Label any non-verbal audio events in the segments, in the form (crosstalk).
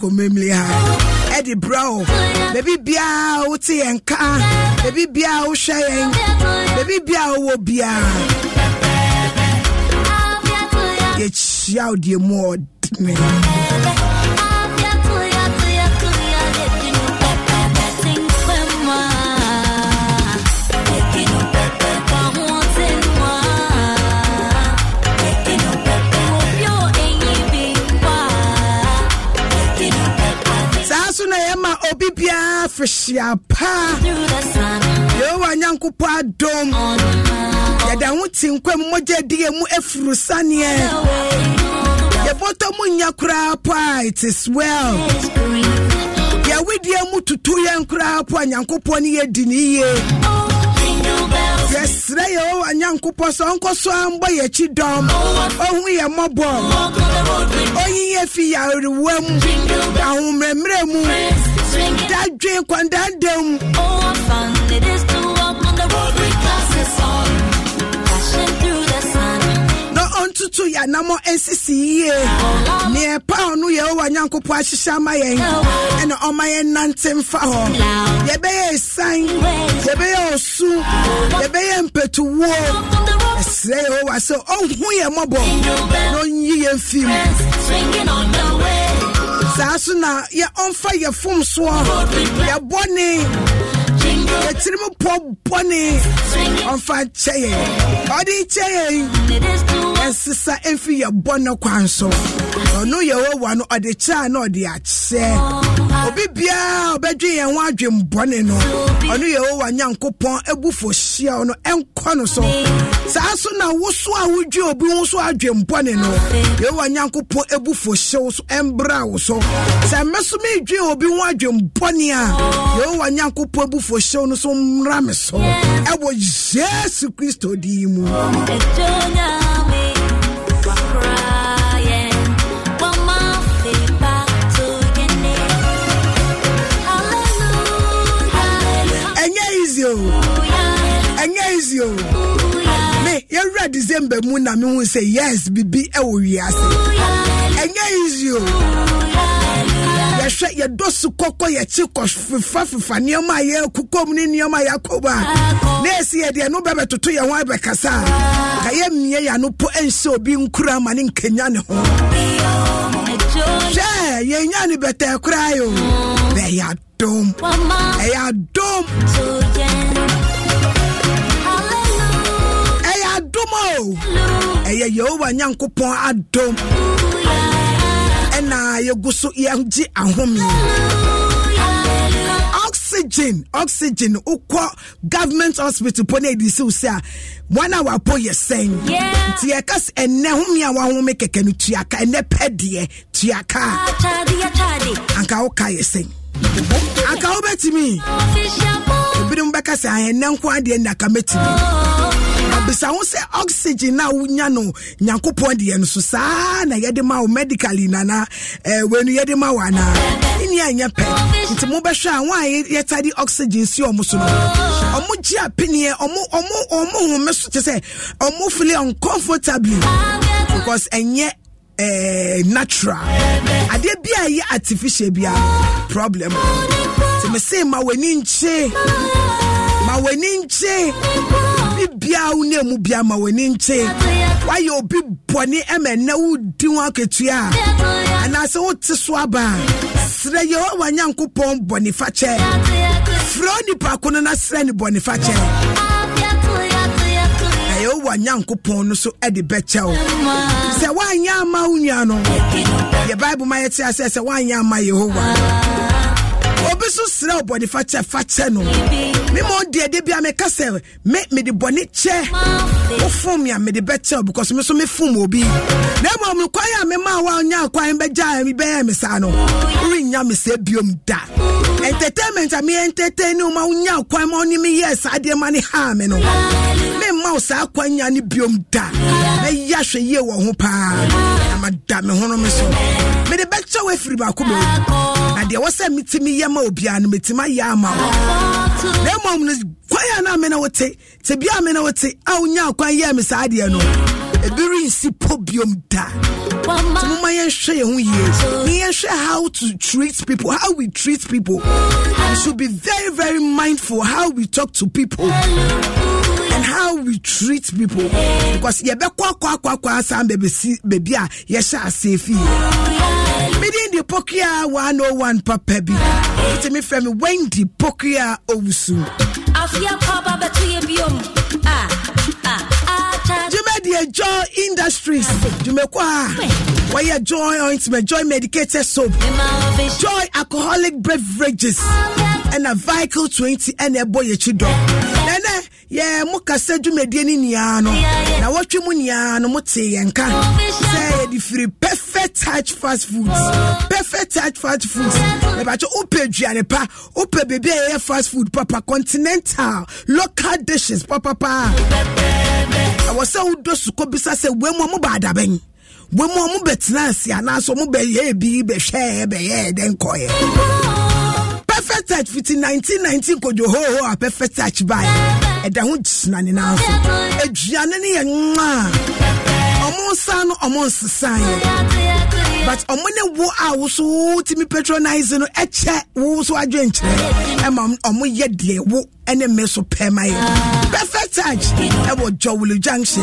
kɔmamli ha ɛde brɛ o baabi biara wote yɛn ka baabi biara wohwɛ yɛn baabi biara wowɔ biara yɛkyia wo deɛ mu ɔdene hyia paa yehowa nyankopɔn adom yɛda ho te nkwa mogya di mu afuru saneɛ yɛbɔtɔ mu nya koraa po a it is well yɛawedeɛ mu tutu yɛn koraa po a nyankopɔn ne yɛdi ne yie yɛsrɛ yɛ wɔwɔ nyankopɔn sɛ ɔnkɔ so ambɔ yɛkyi dɔm ɔhu yɛ mmɔbɔ ɔyi yɛ fi yarewa mu ahomerɛmerɛ mu dadwe kwandandam yɛntutu yɛ anammɔ nsisi yie neɛ ɛpa ɔno yɛwowa nyankopɔn ahyehyɛ ama yɛn ɛne ɔma yɛn nante mfa hɔ yɛbɛyɛ ɛsan yɛbɛyɛ osu yɛbɛyɛ mpɛtuwuo ɛsrɛ yɛwowa sɛ ɔnhu mmɔbɔ na ɔnyi yɛn fi mu saa so na yɛ ɔmfa yɛ fom soɔ yɛbɔne yɛkyiri mu pɔ bɔne ɔmfa nkyɛ yɛn ɔde nkyɛ yɛn ɛsesa ɛmfi yɛ bɔne kwan so ɔno yɛwowa no ɔde kyɛa na ɔde akyɛ obi biara ɔbɛdwe yɛn ho adwen bɔne no ɔno yɛwowa nyankopɔn abufo hyia no ɛnkɔ no so saa so na woso a wodwe obi ho so adwen bɔne no yɛwowa nyankopɔn abufo hyew so ɛmbra wo so sɛ me so obi ho adwen bɔne a yɛwowa nyankopɔn abufo hyew ɛkyɛw no so mmra me so ɛwɔ yesu kristo dii mu me yɛwura december mu na mehu say yes bibi ɛwɔ wiase ɛnyɛ easy o wohwɛ yɛdɔ so kɔkɔ yɛkyi kɔfefa fefa nneɛma a yɛkokɔ mu ne nneɛma a yɛakɔ ba a na ɛsi yɛdeɛ no bɛbɛtoto yɛn ho abɛkasa a ah. ka yɛmmie yɛ ano po ɛnhyɛ obi nkura ma ne nkanya ne ho hwɛ yɛnya ne bɛtɛɛ koraa yo bɛyɛ adom mm. ɛyɛ adom ɛyɛ adom ɛyɛ yehowa nyankopɔn adom yɛgu so yɛgye ahomeɛ oxygen oxygen wokɔ government hospital po ne ɛde si wo sɛ a wɔn a yɛ sɛn nti yɛka s ɛnɛ home a wɔahome kɛkɛ no tuaka ɛnɛ pɛ deɛ tuaka a anka woka yɛ sɛn anka wobɛtumi ebinom bɛka sɛ ahɛnɛ nko adeɛ aka mɛtumi bisa ho sɛ oxygen na wonya no nyankopɔn deɛ no so na yɛde ma wo medically nana eh, wenu yɛde ma wo anaa anyɛ pɛ nti mobɛhwɛ a wo a yɛtade oxygen si ɔmo so no ɔmo gye ɔmo home so te eh, natural adeɛ bi a ɛyɛ artificial bia problem nti mese ma w'ani nkye ma w'ani nkye obi biara wo ne mu biara ma w'ani nkye wayɛ obi bɔne ɛmɛ nɛ wodi ho akatua anaasɛ wote so aba serɛ yɛ wa nyankopɔn bɔnefakyɛ frɛ nipa ko no na serɛ ne bɔnefakyɛ ɛyɛ wowa nyankopɔn no so ɛde bɛkyɛ wo woanyɛ ama wo nua no yɛ bible ma yɛte asɛ sɛ woanyɛ ama yehowa obi so serɛ wo bɔne fakyɛ fakyɛ no mema ɔdeɛ de bia meka sɛ me mede bɔne kyɛ wofom me a mede bɛkyɛw because me so mefom obi na mmom kwan a memaa woanya kwan bɛgyaa me bɛyɛ me saa no worennya me sɛ biom da entertainment a meyɛ entertain ne wo ma wonya kwan ma wo ne saa deɛ ma ne haa me no mma wo saa ne biom da mɛyɛ ahwɛ yie wɔ ho paa na mada me honome so mede bɛkyɛ wo baako bɛo na deɛ wɔ sɛ metumi yɛ ma obiaa no mɛtumi ayɛ ama wo na mmom no kwan na mena wote te bia wote a wonya kwan yɛɛ me saa adeɛ no ebi rensi po biom da nti moma yɛnhwɛ yɛn ho yie ne yɛnhwɛ how to treat people how we treat people we should be very very mindful how we talk to people how we treat people because yɛbɛkɔ akɔ akɔ akɔ asan baabi a yɛhyɛ aseɛ fii medin de pokia 101 papa bi wotumi frɛ me wendy pokia ɔwusu dwumadeɛ joy industries dwumako a wɔyɛ joy ointment joy medicated soap joy alcoholic beverages and a vehicle 20 ɛna ɛbɔ yɛkyi dɔ ɛnɛ yɛ mo kasa dwumadie no nyinaa no na wɔtwe mu nyinaa no mote yɛn ka sɛ yɛde firi perfect touch fast foods perfect touch fast foods ɛbakyɛ wopɛ aduane pa wopɛ biribi a ɛyɛ fast food papa continental local dishes papapaa ɛwɔ sɛ wodɔ sukɔ bisa sɛ wemu a mobɛ adabɛn wemu a mobɛtena ase anaasɛ mobɛyɛ bi bɛhwɛɛ bɛyɛɛ dɛn kɔɛ perfect touch in 1919 kojú hoho a perfect touch báyìí ɛda ho gyina ne nan so aduane no yɛ nwa a ɔmo nsa no ɔmo nsesan but ɔmo ne wo a wo so wotumi patronise no ɛkyɛ wo so adwenkyerɛ ɛma ɔmo yɛ deɛ wo ɛne me so pɛ ma yɛ Touch. ɛwɔ jɔwolo junction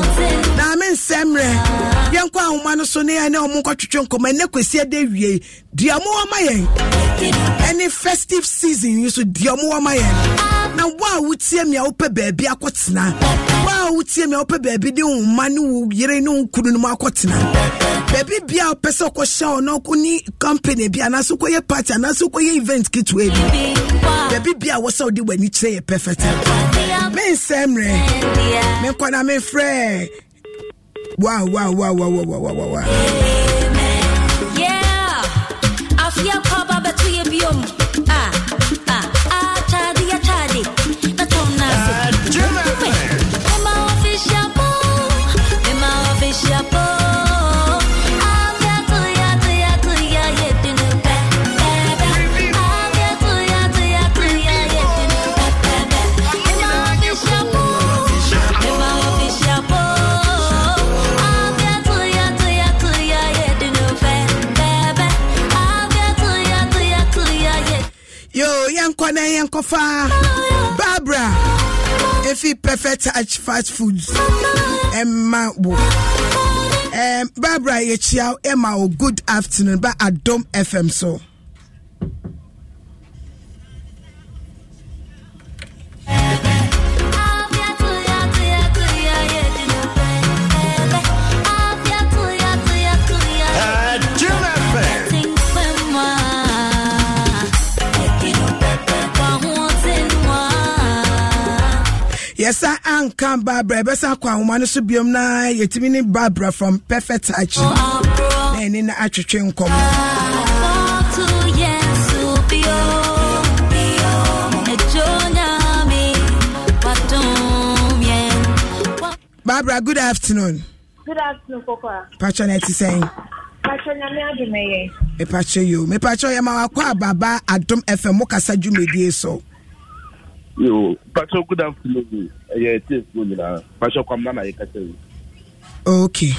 na me nsɛmmerɛ yɛnkɔ ahoma no so ne yɛn ne ɔmo nkɔtwitwe nkɔmɔ ɛnɛ kwasi ɛdɛ wie deɛ ɔmo wɔma yɛn ɛne festive season yi so deɛ ɔmo wɔma yɛn na wo a wotie me a wopɛ baabi akɔtena wo a wotie me a wopɛ baabi ne wo mma ne wo yere ne wo kunu no mu akɔtena baabi bia ɔpɛ sɛ ɔkɔhyɛ ɔno ɔni company bi anaasɛ wokɔyɛ party anaasɛ wokɔyɛ event ketewa bi baabi bia wɔ sɛ wode w'ani kyerɛ yɛ pɛfɛtɛ mensɛ mmerɛ eh? menkɔ na mefrɛ wow wow wow wow wow wow wow wow yeah afia kwa baba tu ye biom yɛn kɔfa barbara efi perfect touch fast foods ɛma wo ɛm barbara yɛkyia ɛma wo good afternoon ba adom fm so. yɛsa anka babra yɛbɛsa akɔ ahoma no so biom na yɛtumi ne babra from perfect touch oh, na ɛne na atwetwe nkɔmmɔ Barbara, good afternoon. Good afternoon, Papa. Patron, ẹ ti sẹ́yìn. Patron, nyame adumeye. Mepatro yo. Mepatro yẹ ma wa kọ́ àbàbà Adum FM mo kasa dwumadie so. yo pastor good afternoon e ɛyɛ tie fo nyinaa pastor kwam na na e yɛ kasa yi. okay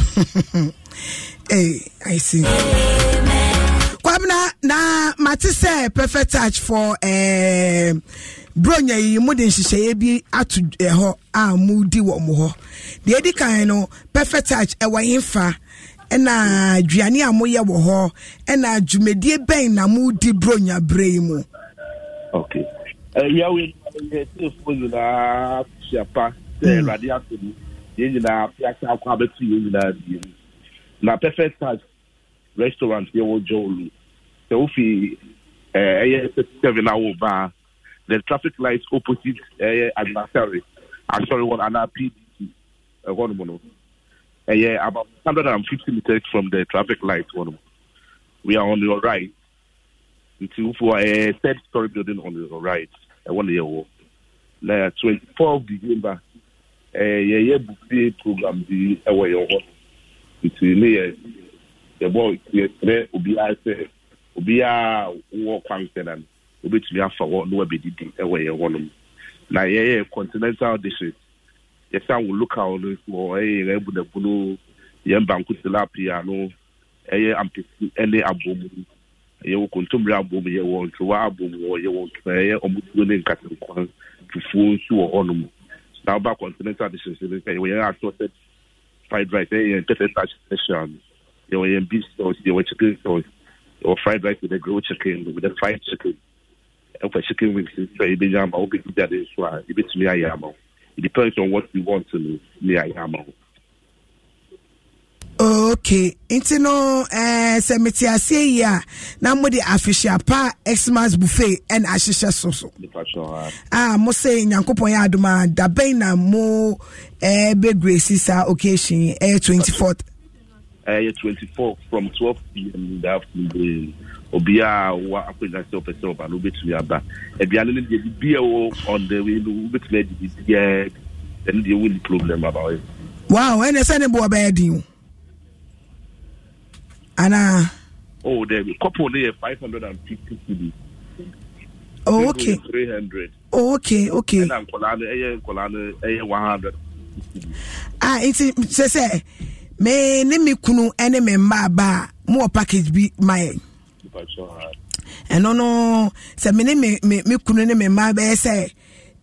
(laughs) hey, i see. kwamna na mate sɛ perfect touch for eh, bronya yi mu de nhyehyɛeɛ bi ato ɛhɔ a mu di wɔ mu hɔ deɛ edi kan no perfect touch ɛwɔ yɛn fa ɛna aduane a moyɛ wɔ hɔ ɛna dwumadie bɛn na mu di bronya bere yi mu. okay ɛyawe. Eh, uh, yɛ tiefoɔ nyinaa tia pa sɛ awurade ato mu yɛn nyinaa fiase akɔ abɛto yɛn nyinaa biemu na perfect tax restaurant yɛwɔ jɔwlu sɛ wofi ɛyɛ seven awo baa the traffic light opposite ɛyɛ adversary asɔre wɔn anaa pdc ɛhɔ nom no ɛyɛ about hundred and fifty meters from the traffic light hɔ nom we are on your right nti wofoɔ ɛyɛ third story building on your right ɛwɔ ne yɛwɔ na twenty four december ɛɛ yɛyɛ buffet program bi ɛwɔ yɛn hɔ nti ne yɛ yɛbɔ yɛsrɛ obiara sɛ obiara wɔ kwan sɛ na no obetumi afa hɔ na wabɛdidi ɛwɔ yɛn hɔ nom na yɛyɛ continental dishes yɛsan wɔ local no wɔ ɛyɛ yɛn ebunabunu yɛn banku tilapia no ɛyɛ ampesi ɛne abomu yɛwɔ kontomire abom yɛwɔ nkewa abom wɔ yɛwɔ nkaeɛ ɔmotuo ne nkasankwan fufuo nso wɔ hɔnom na woba continental dishes no sɛ yɛwɔ yɛn assorted fried rice ɛyɛ yɛn tɛtɛtach special no yɛwɔ yɛn beef sauce yɛwɔ chicken sauce yɛwɔ fried rice with the grilled chicken with the fried chicken ɛfa chicken wings nso a yɛbɛnya ama wo bɛdi dade nso a yɛbɛtumi ayɛ ama wo it depends on what you want no ne ayɛ ama wo okay nti no eh, sɛ mete aseɛ yi a na mode afehyiapa xmas buffet ɛna ahyehyɛ so so a ah, mo sɛ nyankopɔn yɛ adom a dabɛn na mo eh, bɛgresi saa occasion ɛyɛ eh, 24th ɛyɛ uh, 24 from 12 pm the afternoon obiara wa akɔnyina sɛ ɔpɛ sɛ ɔba no wobɛtumi aba aduane no deɛ biribi ɛwɔ on the way no wobɛtumi adi biribiaa ɛno deɛ wonni problem about it wow ɛnɛ sɛ ne boɔ bɛyɛ din o Ana oh dɛbi couple dey five hundred and fifty cd. oh okay three hundred. oh okay okay. ɛna nkɔlaa no ɛyɛ nkɔlaa no ɛyɛ one hundred. ah nti eh, sɛsɛ me ne me kunu ɛne me mmaaba a mo wɔ package bi ma yɛ. ɛno no sɛ me ne me me kunu ne me mmaa bɛyɛ eh, sɛ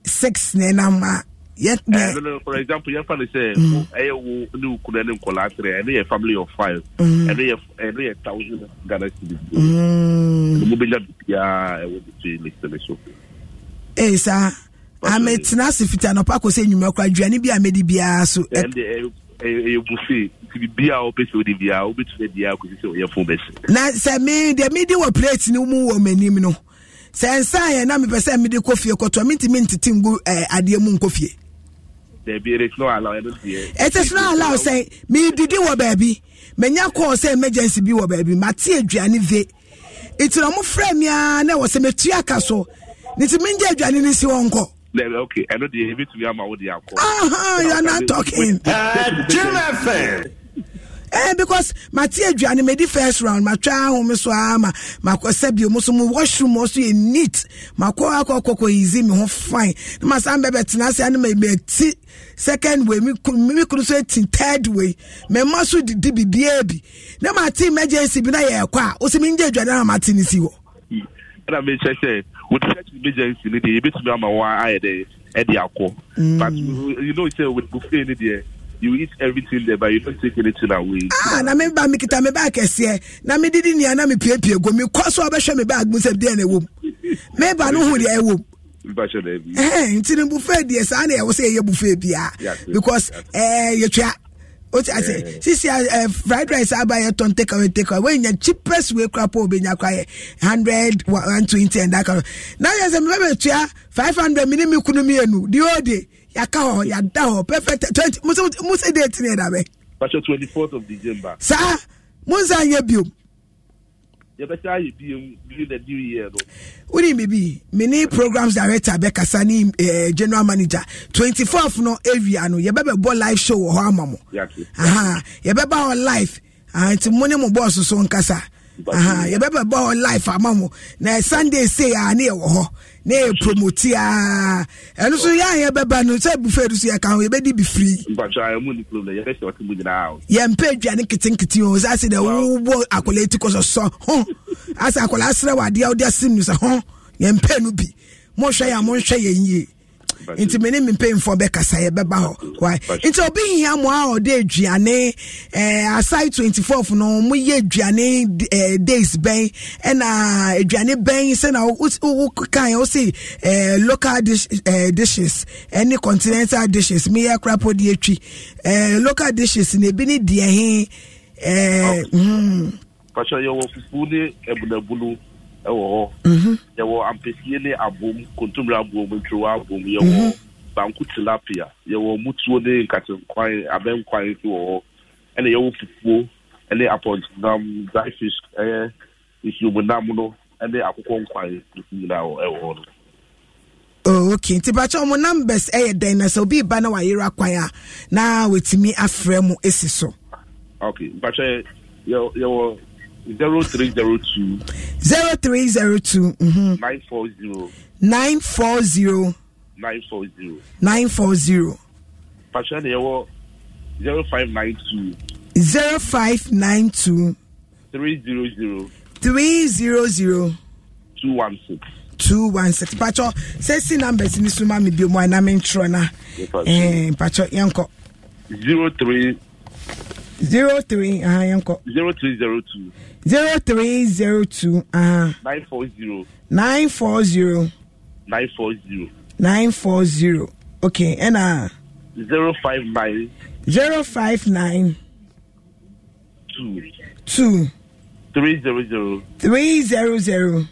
six na ɛnam a yet yeah. uh, no, no, for example yɛmfa no sɛ ɛyɛ wo ne wo kuna ne nkɔlaa trɛ ɛne yɛ family of five ɛne mm. yɛ thousand ghana cities mobɛnya bibiaa ɛwɔ between listene so ee saa ametena ase fiti anɔpa kɔ sɛ nnwuma kora aduane bi a mɛdi biara so ɛyɛ bufe nti bibia a wopɛ sɛ wode biara wobɛtumi adiaa kɔsi sɛ ɔyɛfo bɛsɛ na sɛ me deɛ medi wɔ plate no mu wɔ m'anim no sɛ nsa yɛ na mepɛ sɛ mede kɔ fie kɔtɔ mentimi ntete ngu eh, adeɛ mu nkɔ fie baabi it is not allowed it eh. is not allowed sɛ meedidi wɔ baabi menya kɔɔ sɛ emergency bi wɔ baabi mate aduane ve nti na ɔmofrɛ me a na ɛwɔ sɛ metua ka so ne nti mengye aduane no si wɔ nkɔ okay ɛno deɛ ɛbɛtumi ama wo de akɔ aha you are not talking uh, Jim FM eh, because mate aduane medi first round matwa ahome so ama makɔ sɛ bio mu so mu washroom ɔ so yɛ neat makɔ akɔkɔkɔ easy me ho fine na masan bɛbɛtena ase ane mɛti second way mi kuru so eti third way mɛma so didi bibie bi na mate emergency bi na yɛ ɛkɔ a osi mi n gye aduane na mate ne si hɔ. ɛna mi kyerɛ sɛ with such emergency ni deɛ ebi tumi ama wɔn ayɛ dɛ ɛde akɔ mm. but you know say with buffet ni deɛ you eat everything there but you don't take anything away. ah na mi ba mi kita mi ba kɛseɛ na me didi nia na mi piepie go mi kɔ so a bɛhwɛ mi bag mu sɛ deɛ na ɛwɔ mu mi ba no hu deɛ ɛwɔ mu. nti ne buffet deɛ saa na ɛwɔ sɛ ɛyɛ buffet biara because ɛɛ eh, yɛtwa o ti ase eh. sisi ɛ eh, fried rice aba yɛ tɔn take away take away wey nya cheapest way kura po obe nya kwa yɛ hundred one twenty and that kind of na yɛ sɛ mi bɛ bɛ five hundred mi ni mi kunu mi yɛ nu di o de yaka hɔ yada hɔ perfect twenty musa musa de ti ne da bɛ. pàṣẹ twenty fourth of december. saa musa nye biom. yɛbɛsɛ ayɛ biom during the new year no. wúni mi bi mi ni programs director bɛ kasa ni general manager twenty fourth no area no yɛbɛ bɛ bɔ live show wɔ hɔ ama mo. yɛbɛ bá hɔ live ah, nti mo ni mo bɔɔso so nkasa yɛbɛbɛ bɔ hɔ life ama mo na sunday say a ah, ne yɛwɔ hɔ ne yɛ promoti a ɛno so yɛ a yɛbɛba no sɛ buffet no so yɛka ho yɛbɛdi bi firi yɛmpɛ aduane nketenkete o sɛ ase dɛ wowɔ akwadaa ti kɔ sɔ sɔ ho asɛ akwadaa serɛ wɔ adeɛ wode asim no sɛ ho yɛmpɛ no bi monhwɛ yɛ a monhwɛ yɛn yie nti mene mempanyimfoɔ bɛkasa yɛbɛba hɔ why nti obi hia mo a ɔde aduane eh, aside 24 no moyɛ aduane eh, days bɛn ɛna aduane bɛn sɛna wokae wo se eh, local eh, dishes ɛne continental dishes meyɛ kora po de atwi local dishes na ebi ne deɛ he eh, okay. mm. Pasha, ɛwɔ hɔ mhm. yɛwɔ ampesiɛ ne abom kontomire abom ntwerɛwa abom mhm. yɛwɔ banku tilapia yɛwɔ mutuo ne nkatenkwan abɛnkwan nso wɔ hɔ ɛna yɛwɔ fufuo ne apɔntenam dry fish ɛyɛ eh, nsuomunam no ne akokɔ nkwan nyinaa ɛwɔ hɔ no Oh, okay nti bakyɛ numbers na sɛ obi ba na wayera kwan a na wɔtumi afrɛ mu esi so okay bakyɛ yɛwɔ zero three zero two. zero three zero two. Mm-hmm. nine four zero. nine four zero. nine four zero. nine four zero. pàṣẹ ni zero five nine two. zero five nine two. three zero zero. three zero zero. two one six. two one six pàṣọ sẹ́sì numbers ní súnmọ́ mi bí o mọ̀ ẹ̀ náà mi ń turọ̀ náà eh, pàṣọ yẹn kọ. zero three. zero three uh, yanko. zero three zero two. zero three zero two. Uh, nine four zero. nine four zero. nine four zero. nine four zero. okay and uh. zero five nine. zero five nine. two. two. three zero zero. three zero zero.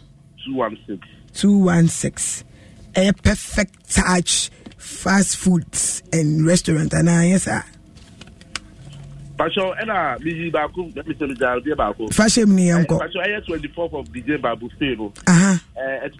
two one six. two one six. a perfect touch fast foods and restaurant and uh, yes sir. Pasho, ena miyi bakou, mwen mi se mi jan, biye bakou. Fashe mni yon ko. Pasho, aye 24 of December, bufero. Aha ɛti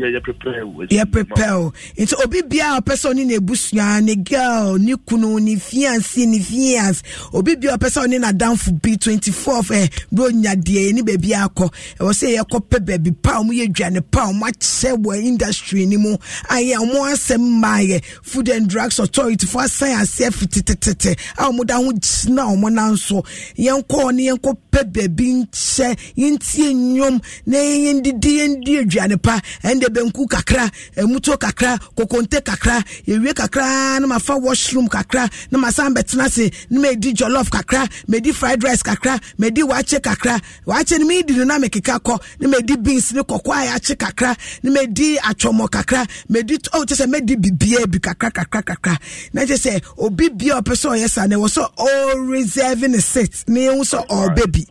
eh, prepare wo. yɛ prepare o nti obi bia ɔpɛ sɛ ɔne n'ebusua ne girl ne kunu ne fiance ne fiance obi bia ɔpɛ sɛ ɔne n'adanfo bi twenty four ɛ eh, bro nya deɛ e ne baabi akɔ ɛwɔ sɛ yɛkɔ pɛ baabi pa ɔmo yɛ aduane pa ɔmo akyɛ wɔ industry ne mu ayɛ ɔmo asɛm maa yɛ food and drugs authority fo asan aseɛ fititetete a ɔmo da ho gyina ɔmo nan so yɛnkɔ ne yɛnkɔ pɛ baabi nkyɛn. yɛnhyɛ yɛntie nnwom na yɛndidi yɛndi aduane pa ɛnde benku kakra ɛmuto kakra kokonte kakra yɛwie kakra na mafa washroom kakra na masan bɛtena ase na medi jollof kakra medi fried rice kakra medi wakye kakra wakye no medi no na mekeka kɔ na medi beans ne kɔkɔ a yɛakye kakra na medi atwɔmmɔ kakra medi oh kyɛ sɛ medi bibia bi kakra kakra kakra na kyɛ sɛ obi bia ɔpɛ sɛ ɔyɛ sa na ɛwɔ sɛ ɔreserve ne sit na yɛhu sɛ ɔrebɛ bi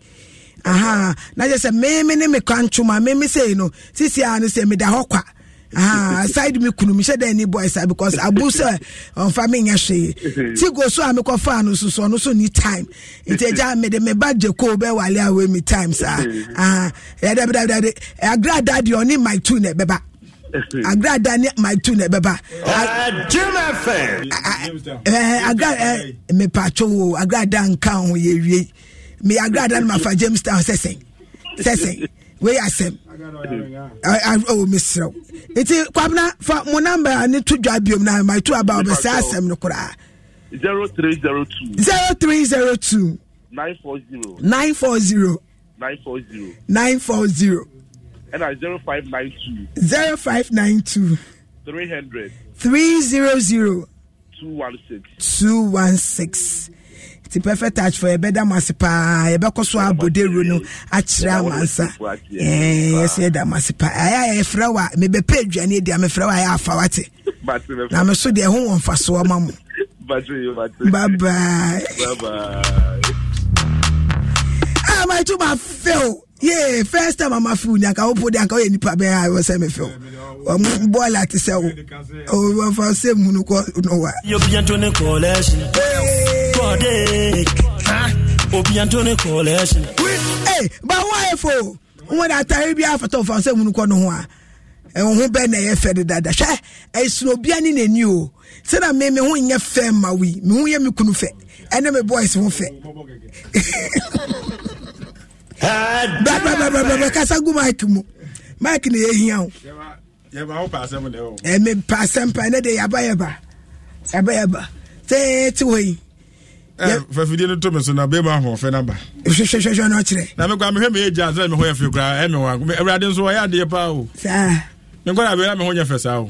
aha na yɛ sɛ meme ne me kwantwoma meme sei no sisi a no sɛ meda hɔ kwa aha aside me kunu mehyɛ dɛ ni boy sa because abu sɛ ɔmfa menyɛ hwee ti go so a mekɔfaa no so so ɔno so ni time nti agya de me ba gye koo bɛwale awɛ me time saa aha yɛdɛbdɛbdɛde agrada deɛ ɔne mike two na ɛbɛba agrada ne mike two na ɛbɛba agradɛ mepatwo agrada nka ho yɛwie me agrada no mafa james town sɛsɛ sɛsɛ wei I oh mesrɛ nti kwabena fa mo number a ne to dwa biom na mato aba wobɛsɛ asɛm no koraa 0302 0302 940 940 940 940 ɛna 0592 0592 300 300 216 216 ti perfect touch for ɛbɛda mase paa yɛbɛkɔ so abodero no akyerɛ amansa yɛsɛ yɛda mase paa ɛyɛ yɛfrɛ w a mebɛpɛ aduane adi a mefrɛ w a yɛ afa wate na me so deɛ ho wɔ mfasoɔ ma mo babae ama to ma feo yeah first time ama feel. nyanka wo po nyanka wo yɛ nipa bɛn a wɔ sɛ me feo ɔmo bɔɔla ti sɛ wo ɔmo fa se mu no kɔ no wa. yóò bí yẹn tó ní for day. Obi Antony collection. Hey, but why for? When I tell you, I thought for some one. ɛho ho e bɛɛ na ɛyɛ e fɛ dedada hwɛ ɛsoro e obia ne n'ani o sɛna me me ho nyɛ fɛ ma wi me ho yɛ me kunu fɛ ɛne me boys ho fɛ bɛbɛbɛbɛbɛ kasa gu mike mu mike na yɛhia wo ɛmepɛ asɛm pa ɛnɛ de yɛaba yɛba yɛba yɛba sɛ te hɔ yi fafidie no to me so na bɛma ahoɔfɛ no ba hwehwɛhwɛ no kyerɛ na mekɔa mehwɛ meyɛ gya sɛ mehɔ yɛ fii koraa ɛme wɔ awurade nso wɔyɛ adeɛ paa o menkɔda bɛna meho nyɛ fɛ saa o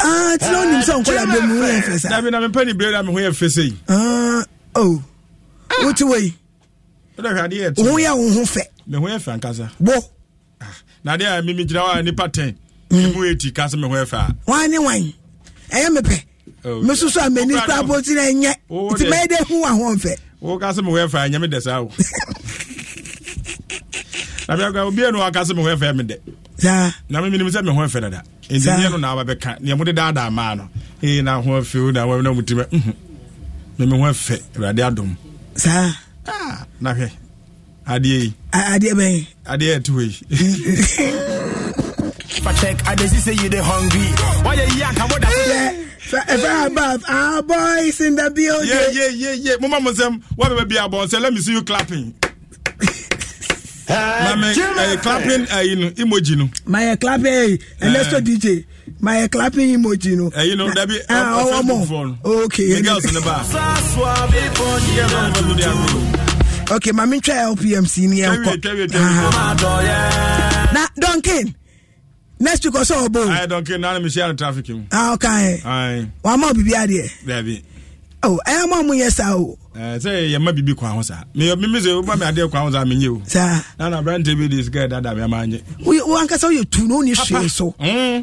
ah, tina wonim sɛ nkɔda bɛ mu woyɛ fɛ saa dabi na mepɛ ne berɛ na meho yɛ fɛ sɛi ah, o wote wei woyɛ wo ho fɛ meho yɛ fɛ ankasa bo ah, na adeɛ a mimigyina hɔ a nnipa tɛn mu ɛti ka sɛ meho yɛ fɛ a wane wan ɛyɛ mepɛ Oh, mesu so a mani kora bɔti no ɛnyɛ nti mɛyɛ dɛ hu ahoɔ mfɛ woka sɛ mewɔ ɛfa nyame dɛ saa wo obia no waka sɛ mewɔ ɛfa me dɛ na mhm. memenim sɛ meho ɛfɛ dada ɛntineɛ no naaba bɛka neɛ mode daadaa maa no ee na ho afeo na wamna mutima meme ho ɛfɛ awurade adom saa ah, na hwɛ adeɛ yi adeɛ bɛn adeɛ ɛte hɔ (laughs) yi Patek, I just say you the hungry. Why you young? Come on, that's if I above our boys in the building. Yeah, yeah, yeah, yeah. Mama Mosem, what will be our boss? Let me see you clapping. (laughs) Mame, uh, eh, clapping uh, you know, emoji no. My clapping, eh, and that's DJ. My clapping emoji no. Uh, you know, that be uh, uh, phone. Okay. The girls in the bar. Okay, mami try LPMC ni. Tell me, tell me, tell me. Now, Duncan next week ọsọ ọbọ. ayi dọkẹ nana mi ṣe àrùn traffic ah, oh, eh, mu. ah ọkà yẹn. ayi. wàá mọ bìbí adìẹ. bẹẹbi. ọ ẹ mọ mu yẹ sa o. ẹ sẹ yẹ mọ bìbí kọ àwọn sa mi mi mi sẹ o bá mi adìẹ kọ àwọn sa mi n yẹ o. sa. nana abiranti bi di sikẹ dada mi a máa ń yẹ. wọ́n ankasa yẹ tu ni sèé so. Mm.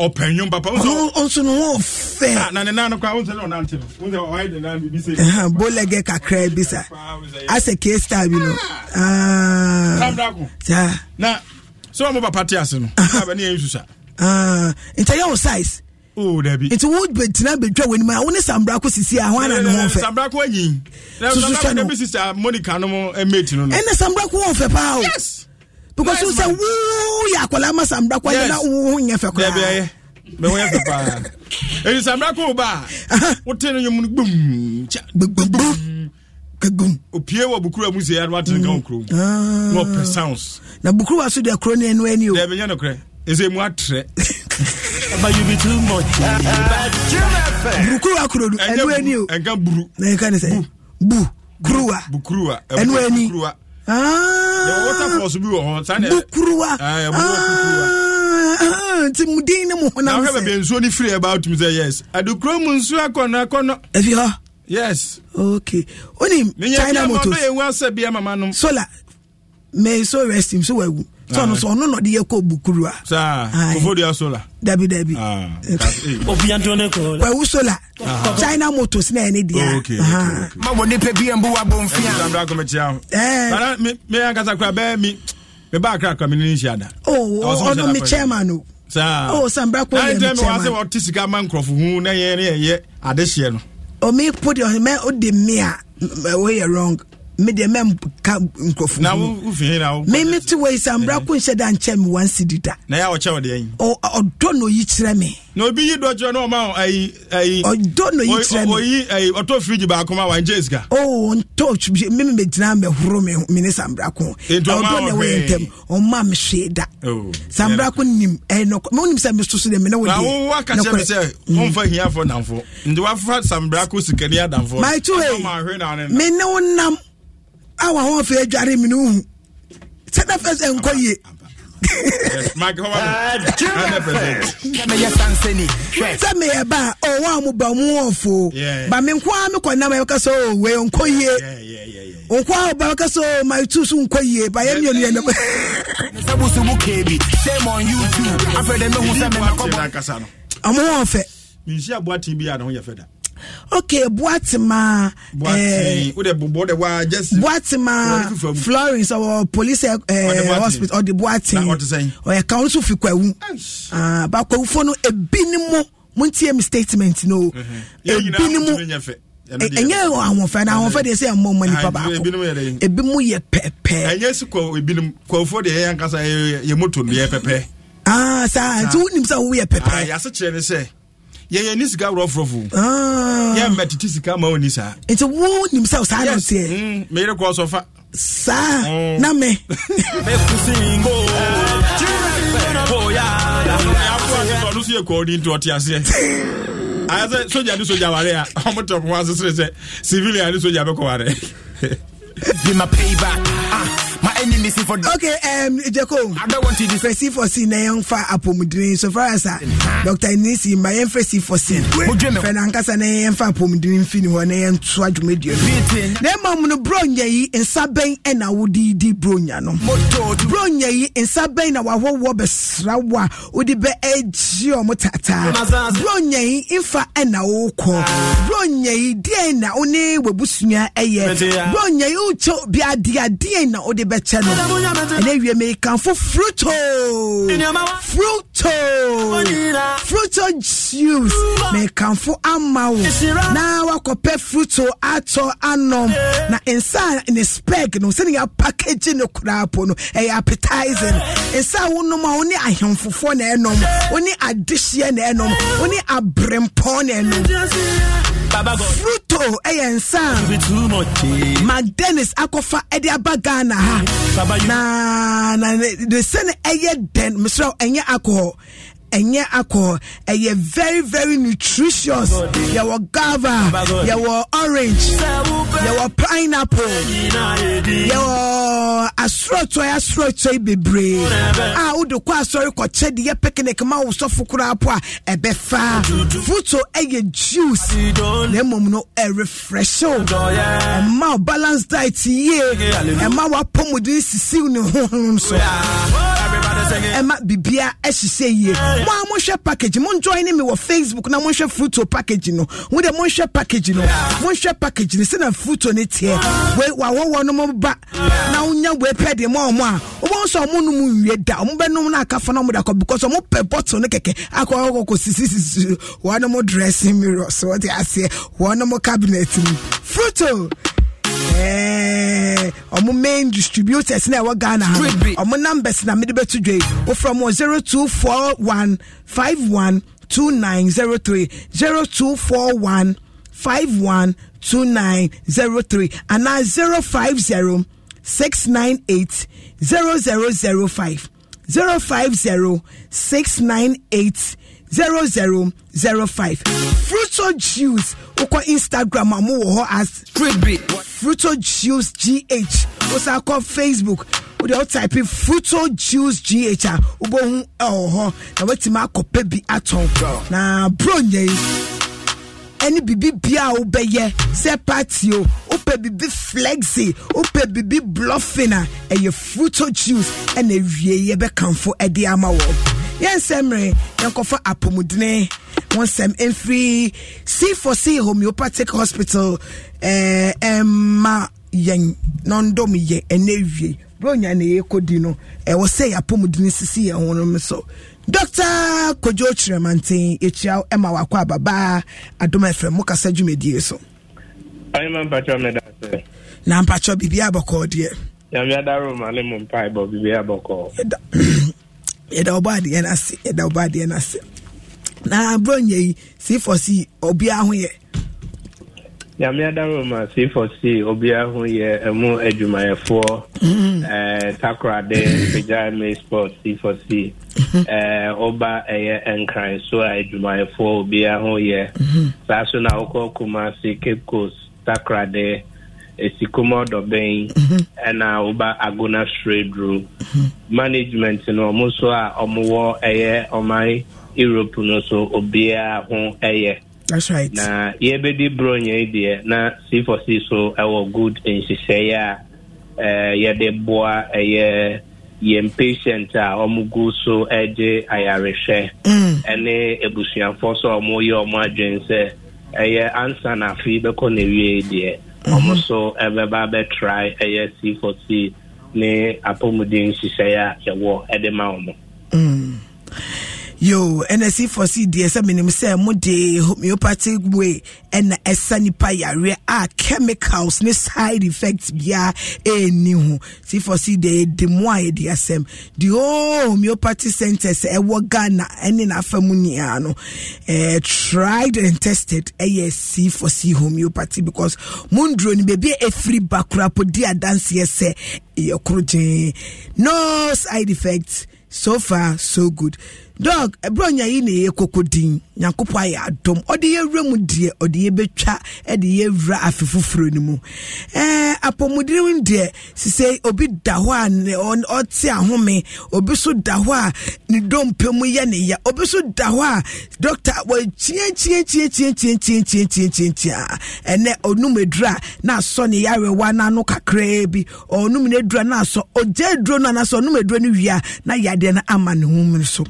ɔpɛnyom papa nso no wɔfɛ na ne nan no kora wo sɛ ne ɔnante no wo sɛ ɔayɛ ne nan bi sɛ bolɛgɛ kakra bi sa asɛ case star bi no saa na sɛ ɔmo papa te ase no abɛne yɛ nsu sa nkyɛ yɛ wo size Oh, nti wo tena bɛtwa w'anim a wo ne sambrako sisi a ho ana ne ho mfɛsambrako anyi susu sɛ no monica no m mate no no ɛnɛ sambrako wɔmfɛ paa o yes because you say wuu yɛ akwadaa ma samra kwa yɛ na wuu nyɛ fɛ koraa. bɛɛ bɛ wɔyɛ fɛ paa eyi samra ko ba wote ne nyɔmu gbum gbum gbum. opie wɔ bukuru amu se yɛrɛ wa tene kan kurom na ɔpɛ sounds. na bukuru wa so deɛ kuro ne ɛnu ɛni o. dɛbɛ nyɛ nokorɛ ese mu atrɛ. but you be too much. bukuru wa kuro do ɛnu ɛni o. ɛnka buru. na yɛ ka sɛ bu kuruwa ɛnu ɛni. Ah. waterfalls bi wɔ hɔ sanebukuruwa ah, ah, nti mu din ne mu honam sɛ bɛbɛ nsuo no firi ɛba wotumi sɛ yes adekuro mu nsuo akɔnɔ akɔnɔ ɛfi hɔ yes okay onim china motors menyɛ biama no yɛwu asɛ biama ma nom sola may so rest him so wawu so ɔno so ɔno ah. na ɔde yɛ kɔ bukuruwa. saa kofodia sola. dabi dabi. Ah. Eh. wawu sola ah. china motors na yɛ ne deɛ. ma wɔ nipa bi yɛn bu wa bɔ nfi yan. ɛɛ ɛɛ ɛɛ mi mi ankasa kura bɛɛ mi mi ba akra akra mi ni n si ada. ɔɔ ɔno mi chairman o. saa ɔɔ oh, sanbra kɔ yɛ mi chairman. n'an tɛ mi wa se wa ɔti sika ma nkurɔfo hun n'an yɛ ne yɛ ade seɛ no. omi oh, put your hand mɛ o oh, de mi a o yɛ wrong me deɛ mɛ ka nkurɔfo na wofin na eh. ko nhyɛ da nkyɛ me wan sidi na yɛ ɔkyɛ ɔdeɛ yi ɔdɔ na oyi kyerɛ me na obi yi dɔ kyerɛ na ɔma ayi ayi ɔdɔ na oyi kyerɛ me oyi ayi ɔtɔ firiji ne sambra ko ɔdɔ na wɔyɛ ntɛm ɔma me hwee da oh, sambra ko nim ɛyɛ sɛ me soso deɛ mm. sambra wo nam awa wɔn fɛ jari mi no hu sɛdɛ fɛ sɛ nkɔ yie. sɛ meyɛ ba a ɔwɔ a mo ba mu ɔfo ba me nko a mekɔ nam ɛbɛka sɛ owei oh, ɔnkɔ yie nko a ɔba bɛka sɛ oh, ma tu so nkɔ yie ba yɛ mmienu yɛ nam (laughs) ɔmo wɔ fɛ okay buatima ɛɛ buatima florence ɔwɔ police ɛɛ eh, hospital ɔdi buatin ɔyɛ kan ɔno so fi kwawu bakɔwufo no ebi ni mu mo n tie mi statement no ebi ni mu ɛnyɛ ahoɔfɛ na ahoɔfɛ de sɛ ɛmmɔ mɔ nipa baako ebi mu yɛ pɛpɛ. ɛnyɛ si kɔ ebi ni kɔfo de yɛ ankasa eh, yɛ moto no yɛ pɛpɛ. saa nti wunim sɛ woyɛ pɛpɛ. yase kyerɛ ne sɛ. yɛyɛ ne sika worɔforɔfo ah. mmɛtete sika ma ɔni saa nti wonim sɛ wo saa nanteɛ meyere mm, kɔ sɔ fa saa mm. na me ɔno so yɛ kɔɔni nti ɔte aseɛ ne sogya ware a (laughs) ɔmotɔko asesere sɛ civilia ne sogya bɛkɔware Give my payback. Ah. any missing for this. Okay, um, Jacob. I don't want to do first for sin, I eh, am far apomidrin. So far as ah, Doctor Nisi, my emphasis for sin. Fenankasa, na young far apomidrin, fin, one, and swag media. Then, mom, no bronya yi, and sabbain, and I would di bronya no. Bronya yi, and sabbain, our whole wobes, rawa, would be edge your motata. Bronya yi, infa, and I will call. Bronya yi, dear, na one, we a year. Bronya yi, ucho, be a dear, dear, na, the kyɛ no ɛnɛ wie mekamfo fruto fruit fruto fruto juice mekamfo ama wo na wakɔpɛ fruto atɔ anom. na nsa ne speg no sɛne yɛ package no koraa po no ɛyɛ appetizing nsa wonom a wone ahemfofoɔ na ɛnom wone adehyeɛ na ɛnom wone abrempɔn na ɛnom fruto ɛyɛ nsa magdenis akɔfa ɛde aba ghana ha na na ne sɛne ɛyɛ den. mesrɛ ɛnyɛ alcohol akɔ ɛnyɛ akɔ ɛyɛ very very nutritious yɛwɔ guava yɛwɔ orange yɛwɔ pineapple yɛwɔ asorɔtɔ asorɔtɔ yi bebree a wode kɔ asɔre kɔkyɛ de yɛ picnic ma wo sɔfo koraa po a ɛbɛfa fruto ɛyɛ juice na mmom no ɛrefreshe ɛma wo balance diet yie ɛma woapɔmuden sisi ne honhom so ɛma bibia ɛhyehyɛ yie mo a monhwɛ package monjoin ne me wɔ facebook na monhwɛ fruto package no mo de monhwɛ package no monhwɛ package no sɛna fruto ne teɛ wei wawɔwɔ no mo ba na wonya wei pɛ deɛ ma ɔmo a wobɛhu sɛ ɔmo no mu nwie da ɔmo bɛnom no aka fa no ɔmo de akɔ because ɔmo pɛ bottle no kɛkɛ akɔ akɔkɔ sisisisi wɔn mo dressing mirror so wɔte aseɛ wɔn mo cabinet mu fruto ɔmo eh, main distributors na ɛwɔ ghana ha ɔmo numbers na mede bɛto five zero six nine eight zero zero zero five zero five zero six nine eight zero zero zero five fruto juice wokɔ instagram amu mo wɔ hɔ as freebie fruto juice gh wosan kɔ facebook wode wotype fruto juice gh a wobɛhu ɛwɔ hɔ na woatumi akɔpɛ bi atɔn na bro nyɛ yi ɛne bibi bia a wobɛyɛ sɛ party o wopɛ bibi flexi wopɛ bibi bluffing a ɛyɛ e fruto juice ɛna e awie yɛbɛkamfo ɛde ama wɔ yɛnsɛ mmere yɛnkɔfa apɔmudene wɔn nsɛm mfiri c4c homeopathic hospital ɛɛ e, eh, ɛma yɛn na ɔndɔm yɛn ɛnɛ wie bronya na yɛkɔdi no ɛwɔ sɛ yɛ apɔmudene sisi yɛn ho so dr kojo kyerɛmanten ɛkyia ɛma wakɔ ababaa adom afrɛ mo so na mpakyɛ biribia bɔkɔɔ deɛ yɛda ɔbɔ adeɛ no ase yɛda ɔbɔ adeɛ no ase na (clears throat) aborɔ nyɛ yi sifɔ si obiaa ho yɛ nyame adaroma sifo si obiara ho yɛ ɛmu adwumayɛfoɔ mm-hmm. takorade pagya ma sport sifo si woba ɛyɛ nkran so a adwumayɛfoɔ obiara ho yɛ mm-hmm. saa so na wokɔ kuma se cape coast takorade esikuma ɔdɔbɛn mm-hmm. ɛna woba agona sredru management no ɔmo so a ɔmo wɔ ɛyɛ ɔman europe no so obiara ho ɛyɛ That's right. na yɛbɛdi borɔ nyɛ deɛ na c for c so ɛwɔ good nhyehyɛeɛ a uh, yɛde boa ɛyɛ yɛn patient a wɔn gu so ɛgye ayarehwɛ mm. ɛne ebusuafoɔ so a wɔyɛ wɔn adwene sɛ ɛyɛ ansa na afi bɛkɔ na ewie deɛ wɔn mhm. so ɛbɛba abɛtry ɛyɛ c for c ne apɔmuden nhyehyɛeɛ a yɛwɔ ɛde ma wɔn yo nsc for c deɛ sɛ menim sɛ mo de homeopathic way ɛna ɛsa nipa yareɛ a chemicals ne side effects biara ɛni ho c for c deɛ yɛde mu a yɛde asɛm the whole homeopathy centers ɛwɔ ghana ɛne n'afa mu nyinaa no ɛɛ eh, tried and tested ɛyɛ c for c homeopathy because mo nduro ni beebi efiri bakura po di adanseɛ sɛ ɛyɛ koro gyee no side effects so far so good. dɔg ɛbrɛ ɔnya yi na ɛyɛ koko din nyankopɔn ayɛ adom ɔde mu deɛ ɔde afe foforɔ no mu ɛɛ mu deɛ sise obi da hɔ a ne ɔte ahome obi so da hɔ a ne mu yɛ ya obi so da hɔ a dɔkta wɔkyia kyia kyia kyia kyia kyia kyia kyia kyia kyia ɛnɛ onum edura na asɔ ne yarewa n'ano kakraa bi ɔnum ne na asɔ ogya eduro na anasɔ onum na yadeɛ no ama ne ho mu so.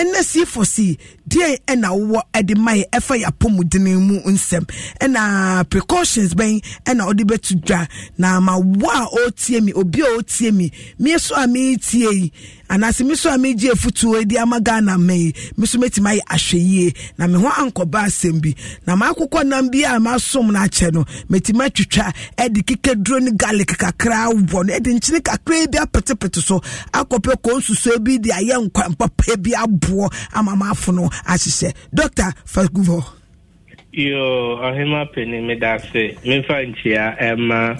ɛna si deɛ ɛna wowɔ ɛde ma yɛ ɛfa yɛ apɔmudene mu nsɛm ɛna precautions bɛn ɛna ɔde bɛto dwa na ma wo a ɔretie mi obi a ɔretie mi mie so a meetie yi anaasɛ me so a megye afotuo adi ama ghana ma yi me so ahwɛ yie na me ankɔba asɛm na maakokɔ nam bi a masom no akyɛ no mɛtumi atwitwa ɛde kekaduro ne garlic kakra wɔ no ɛde nkyene kakra ebi apetepete so akɔpɛ kɔn susue ebi de ayɛ nkwampapa bi aboɔ ama maafono ahyehyɛ dɔkta yo ɔhema meda ase ɛma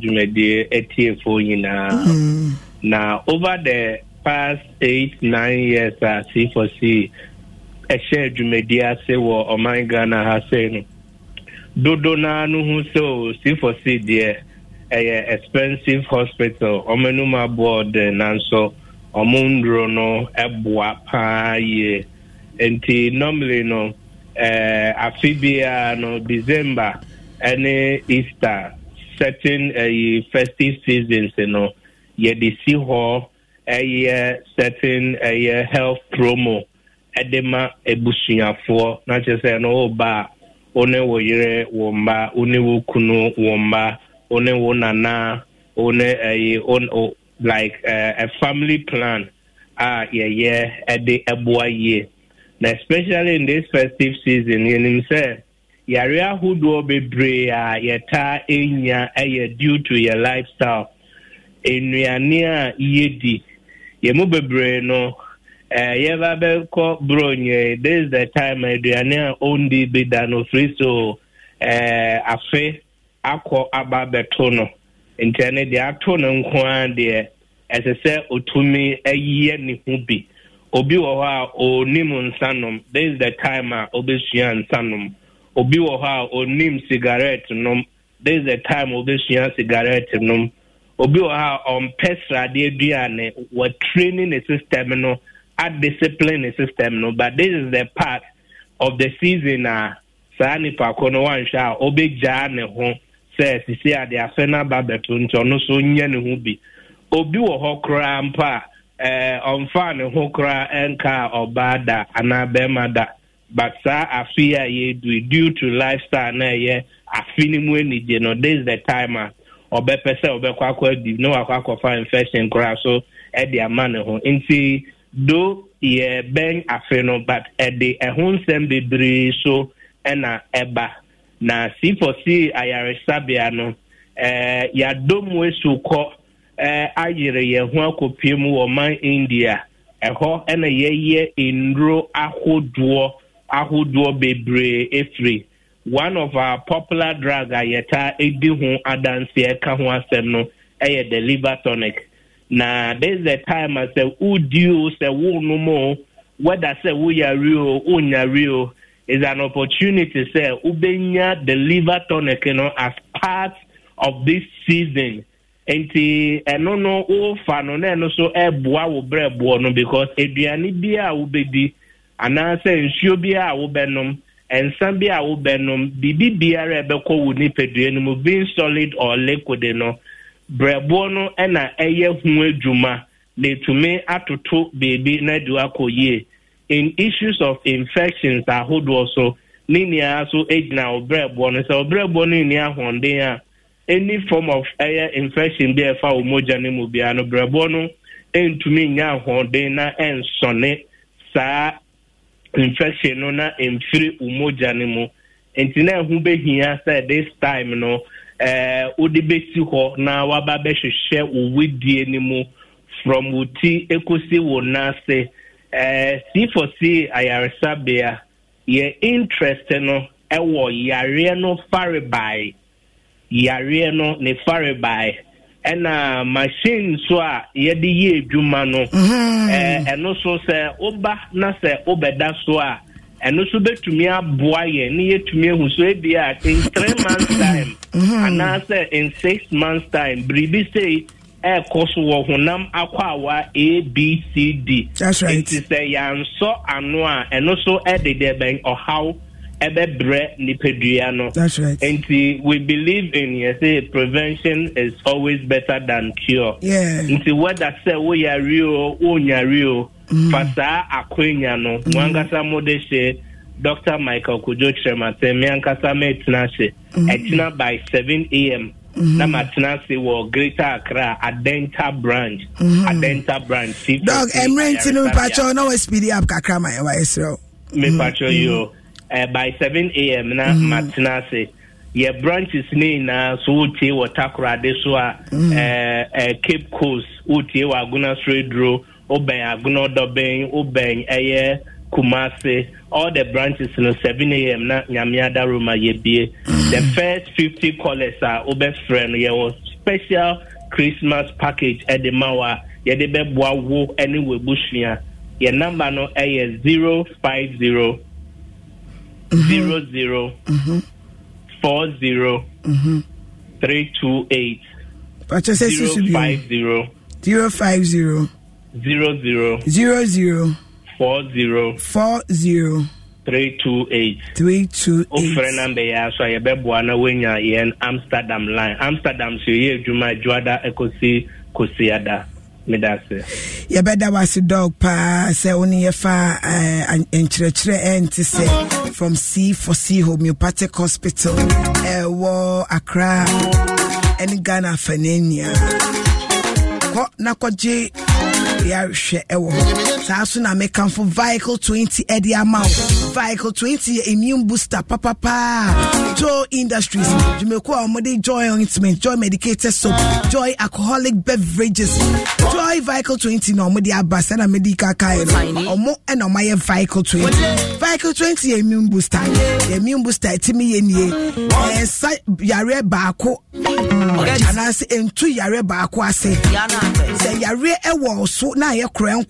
nyinaa mm. Now, over the past eight, nine years, I see for see a share of media say, well, oh my Ghana has seen. Dodo na no who so see for see there a expensive hospital, Omenuma board, eh, and so Omundro no, Ebwa pa ye. Nti normally no, uh, eh, Afibia no, December, any Easter, certain uh, festive seasons, you know. yɛde si hɔ ɛyɛ certain ɛyɛ health promo ɛde ma ebusuafoɔ na kyerɛ sɛ no ɔba a wo ne wo yere wo mma wo ne kunu wo mma wo ne nana wo ne ɛyɛ wo like uh, a family plan a yɛyɛ ɛde ɛboa yie na especially in this festive season yɛnim sɛ yare ahodoɔ bebree a yɛtaa enya ɛyɛ due to your lifestyle. nnuane a yɛdi yɛn mu bebree no eh, yɛba bɛkɔ bronyɛ this is the time aduane a ondi bi da no firi so eh, afe akɔ aba bɛto no nti ɛne deɛ ato no nko ara deɛ ɛsɛ sɛ otumi ɛyɛ ne ho bi obi wɔ hɔ a onim nsanom this is the time a obesua nsanom obi wɔ hɔ a onim cigarette nom this is the time obesua cigarette nom obi wɔ ha a ɔmpɛ sradeɛ aduane wɔtraining ne system no adiscipline ne system no but this is the part of the season a saa nipa ko no wanhwɛ a ɔbɛgyaa ne ho sɛ sisi a deɛ afɛ no aba bɛto nti ɔno so nyɛ ne ho bi obi wɔ hɔ koraa mpa a eh, ɔmfa ne ho koraa ɛnka a ɔbaa da anaa bɛrima da but saa afe a yɛdu due to lifestyle na ɛyɛ afe no mu anigye no this is the time a ɔbɛpɛ sɛ ɔbɛkɔ akɔ adi na wakɔ akɔfa infection koraa so ɛde ama ne ho nti do yɛ bɛn afe but ɛde ɛho nsɛm bebree so ɛna ɛba na c for c ayaresabea no ɛɛ yadom esu kɔ ɛɛ ayere yɛn ho akɔpiem wɔ man india ɛhɔ ɛna yɛyɛ nnuro ahodoɔ ahodoɔ bebree efiri one of our popular drug a yɛta edi ho adanseɛ ka ho asɛm no yɛ the liver tonic na this the time a sɛ wodi o sɛ wonom o whether sɛ woyare o wonyare o is an opportunity sɛ wobɛnya the liver tonic you no know, as part of this season nti ɛno no wofa no na ɛno so ɛboa wo berɛboɔ no because aduane bi a wobɛdi anaasɛ nsuo bi a wobɛnom nsa bi a wobɛnom biribi biara ɛbɛkɔ wo nipadua no mu being solid or liquid no brɛboɔ no ɛna ɛyɛ ho adwuma na etumi atoto beebi na de akɔ yie in issues of infections ahodoɔ so ne nyinaa so gyina ɔbrɛboɔ no sɛ ɔbrɛboɔ no nni ahoɔden a any form of ɛyɛ infection bi a ɛfa wɔn mogya no mu biara no brɛboɔ no ntumi nya ahoɔden na ɛnsɔne saa infection no na mfiri umogya no mu nti na ɛho bɛhia sɛ this time no ɛɛ eh, wode bɛsi hɔ na waba bɛhwehwɛ wo widie no mu from wo ti ekosi wo nan ase ɛɛ eh, c for c ayaresabea yɛ interest no ɛwɔ yareɛ no farebae yareɛ no ne farebae ɛna machine nso a yɛde yɛ adwuma no mhm. ɛno so sɛ woba na sɛ wobɛda so a ɛno so bɛtumi aboa yɛn ne yɛtumi ahu so ebi a in three (coughs) months time mhm. anaasɛ in six months time biribi sei ɛɛkɔ so wɔ honam akwawa abcd nti sɛ yɛansɔ ano a ɛno so ɛde deɛ bɛn ɔhaw ɛbɛbrɛ nipadua no. that's right. nti we believe in yɛ sɛ prevention is always better than cure. Yeah. nti whether sɛ woyare o wonyare o. Mm. fa saa akonya no mm. mo ankasa mo de hyɛ dr michael kojo kyerɛmatɛ me ankasa mɛtena hyɛ mm. ɛtena by seven am. Mm-hmm. na matena ase wɔ greater accra adenta branch mm-hmm. adenta branch. dɔg ɛmmerɛ nti no mepatwɛ na wa waspidi up kakra ma ɛwa ɛserɛ wo mepatwɛ mm-hmm uh, by 7 a.m. na mm. matena ase yɛ branches ni na so wotie wɔ takorade so a mm. uh, uh, cape coast wotie wɔ agona soreduro wobɛn agona ɔdɔbɛn wobɛn ɛyɛ kumase all the branches no 7 a.m. na nyameada roma yɛbie mm. the first 50 callers a wobɛfrɛ no yɛwɔ special christmas package ɛde ma wɔ a yɛde bɛboa wo ne wɔ abusua yɛ number no ɛyɛ 050 zero zero four zero three two eight zero five zero zero five zero zero zero zero zero four zero four zero three two eight three two eight ofere namba yi aso a yɛbɛboa na woanya yɛn amsterdam line amsterdam so yɛ adwuma adwoada ɛkɔsi kɔsiada yɛbɛda wase dog paa sɛ wo ne yɛfa from c for c homeopathic hospital ɛwɔ akra ɛne ghana afaneania What na yɛahwɛ ɛwɔ saa so na mekamfo vehicle 20 ɛde ama wo vehicle 20 yɛ immune booster papapaa joy industries dwumako a wɔde joy ointment joy medicated soap joy alcoholic beverages joy vehicle 20 na wɔde aba sɛ na mede kakae no ɔmo ɛna ɔmayɛ vehicle 20 vehicle 20 yɛ immune booster yɛ immune booster ɛtumi yɛ nie ɛnsa yareɛ baako anaasɛ ɛntu yareɛ baako ase sɛ yareɛ ɛwɔ so na ayɛ a wode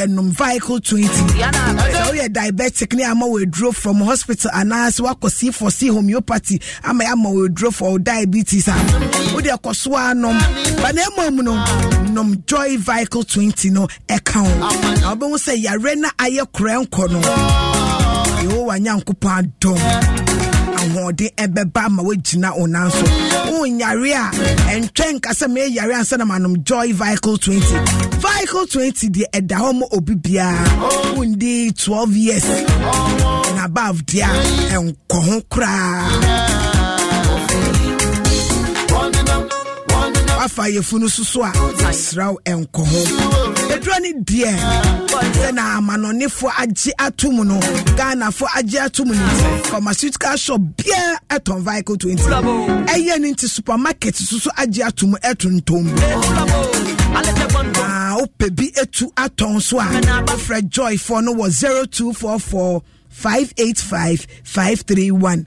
ɛnom vehicle 20 sɛ woyɛ diabetic ne ama wɔaduro from hospital anaasɛ woakɔ homeopathy ama diabetes a wode ɛkɔ so a nom ba na ɛma no joy 20 no ɛka wo na na ayɛ nkɔ no ahoɔden ɛbɛba ma wogyina wo nan so wonyare a ɛntwɛ nka sɛ meyɛyare ansa na manom joy vehicle 20 vehicle 20 deɛ ɛda hɔ ma obi biara wondi 12 years na above deɛ a ɛnkɔ ho koraa yɛfunu soso a ɛnkɔ ho ahodoɔ no deɛ sɛna amanɔnefoɔ agye ato mu no ghanafoɔ agye ato mu no pharmaceutical shop biara ɛtɔn vehicle 20 ɛyɛ no nti supermarket soso agye ato mu ɛtontom wopɛ bi etu atɔn so a wofrɛ joyfoɔ no wɔ 0244 585 531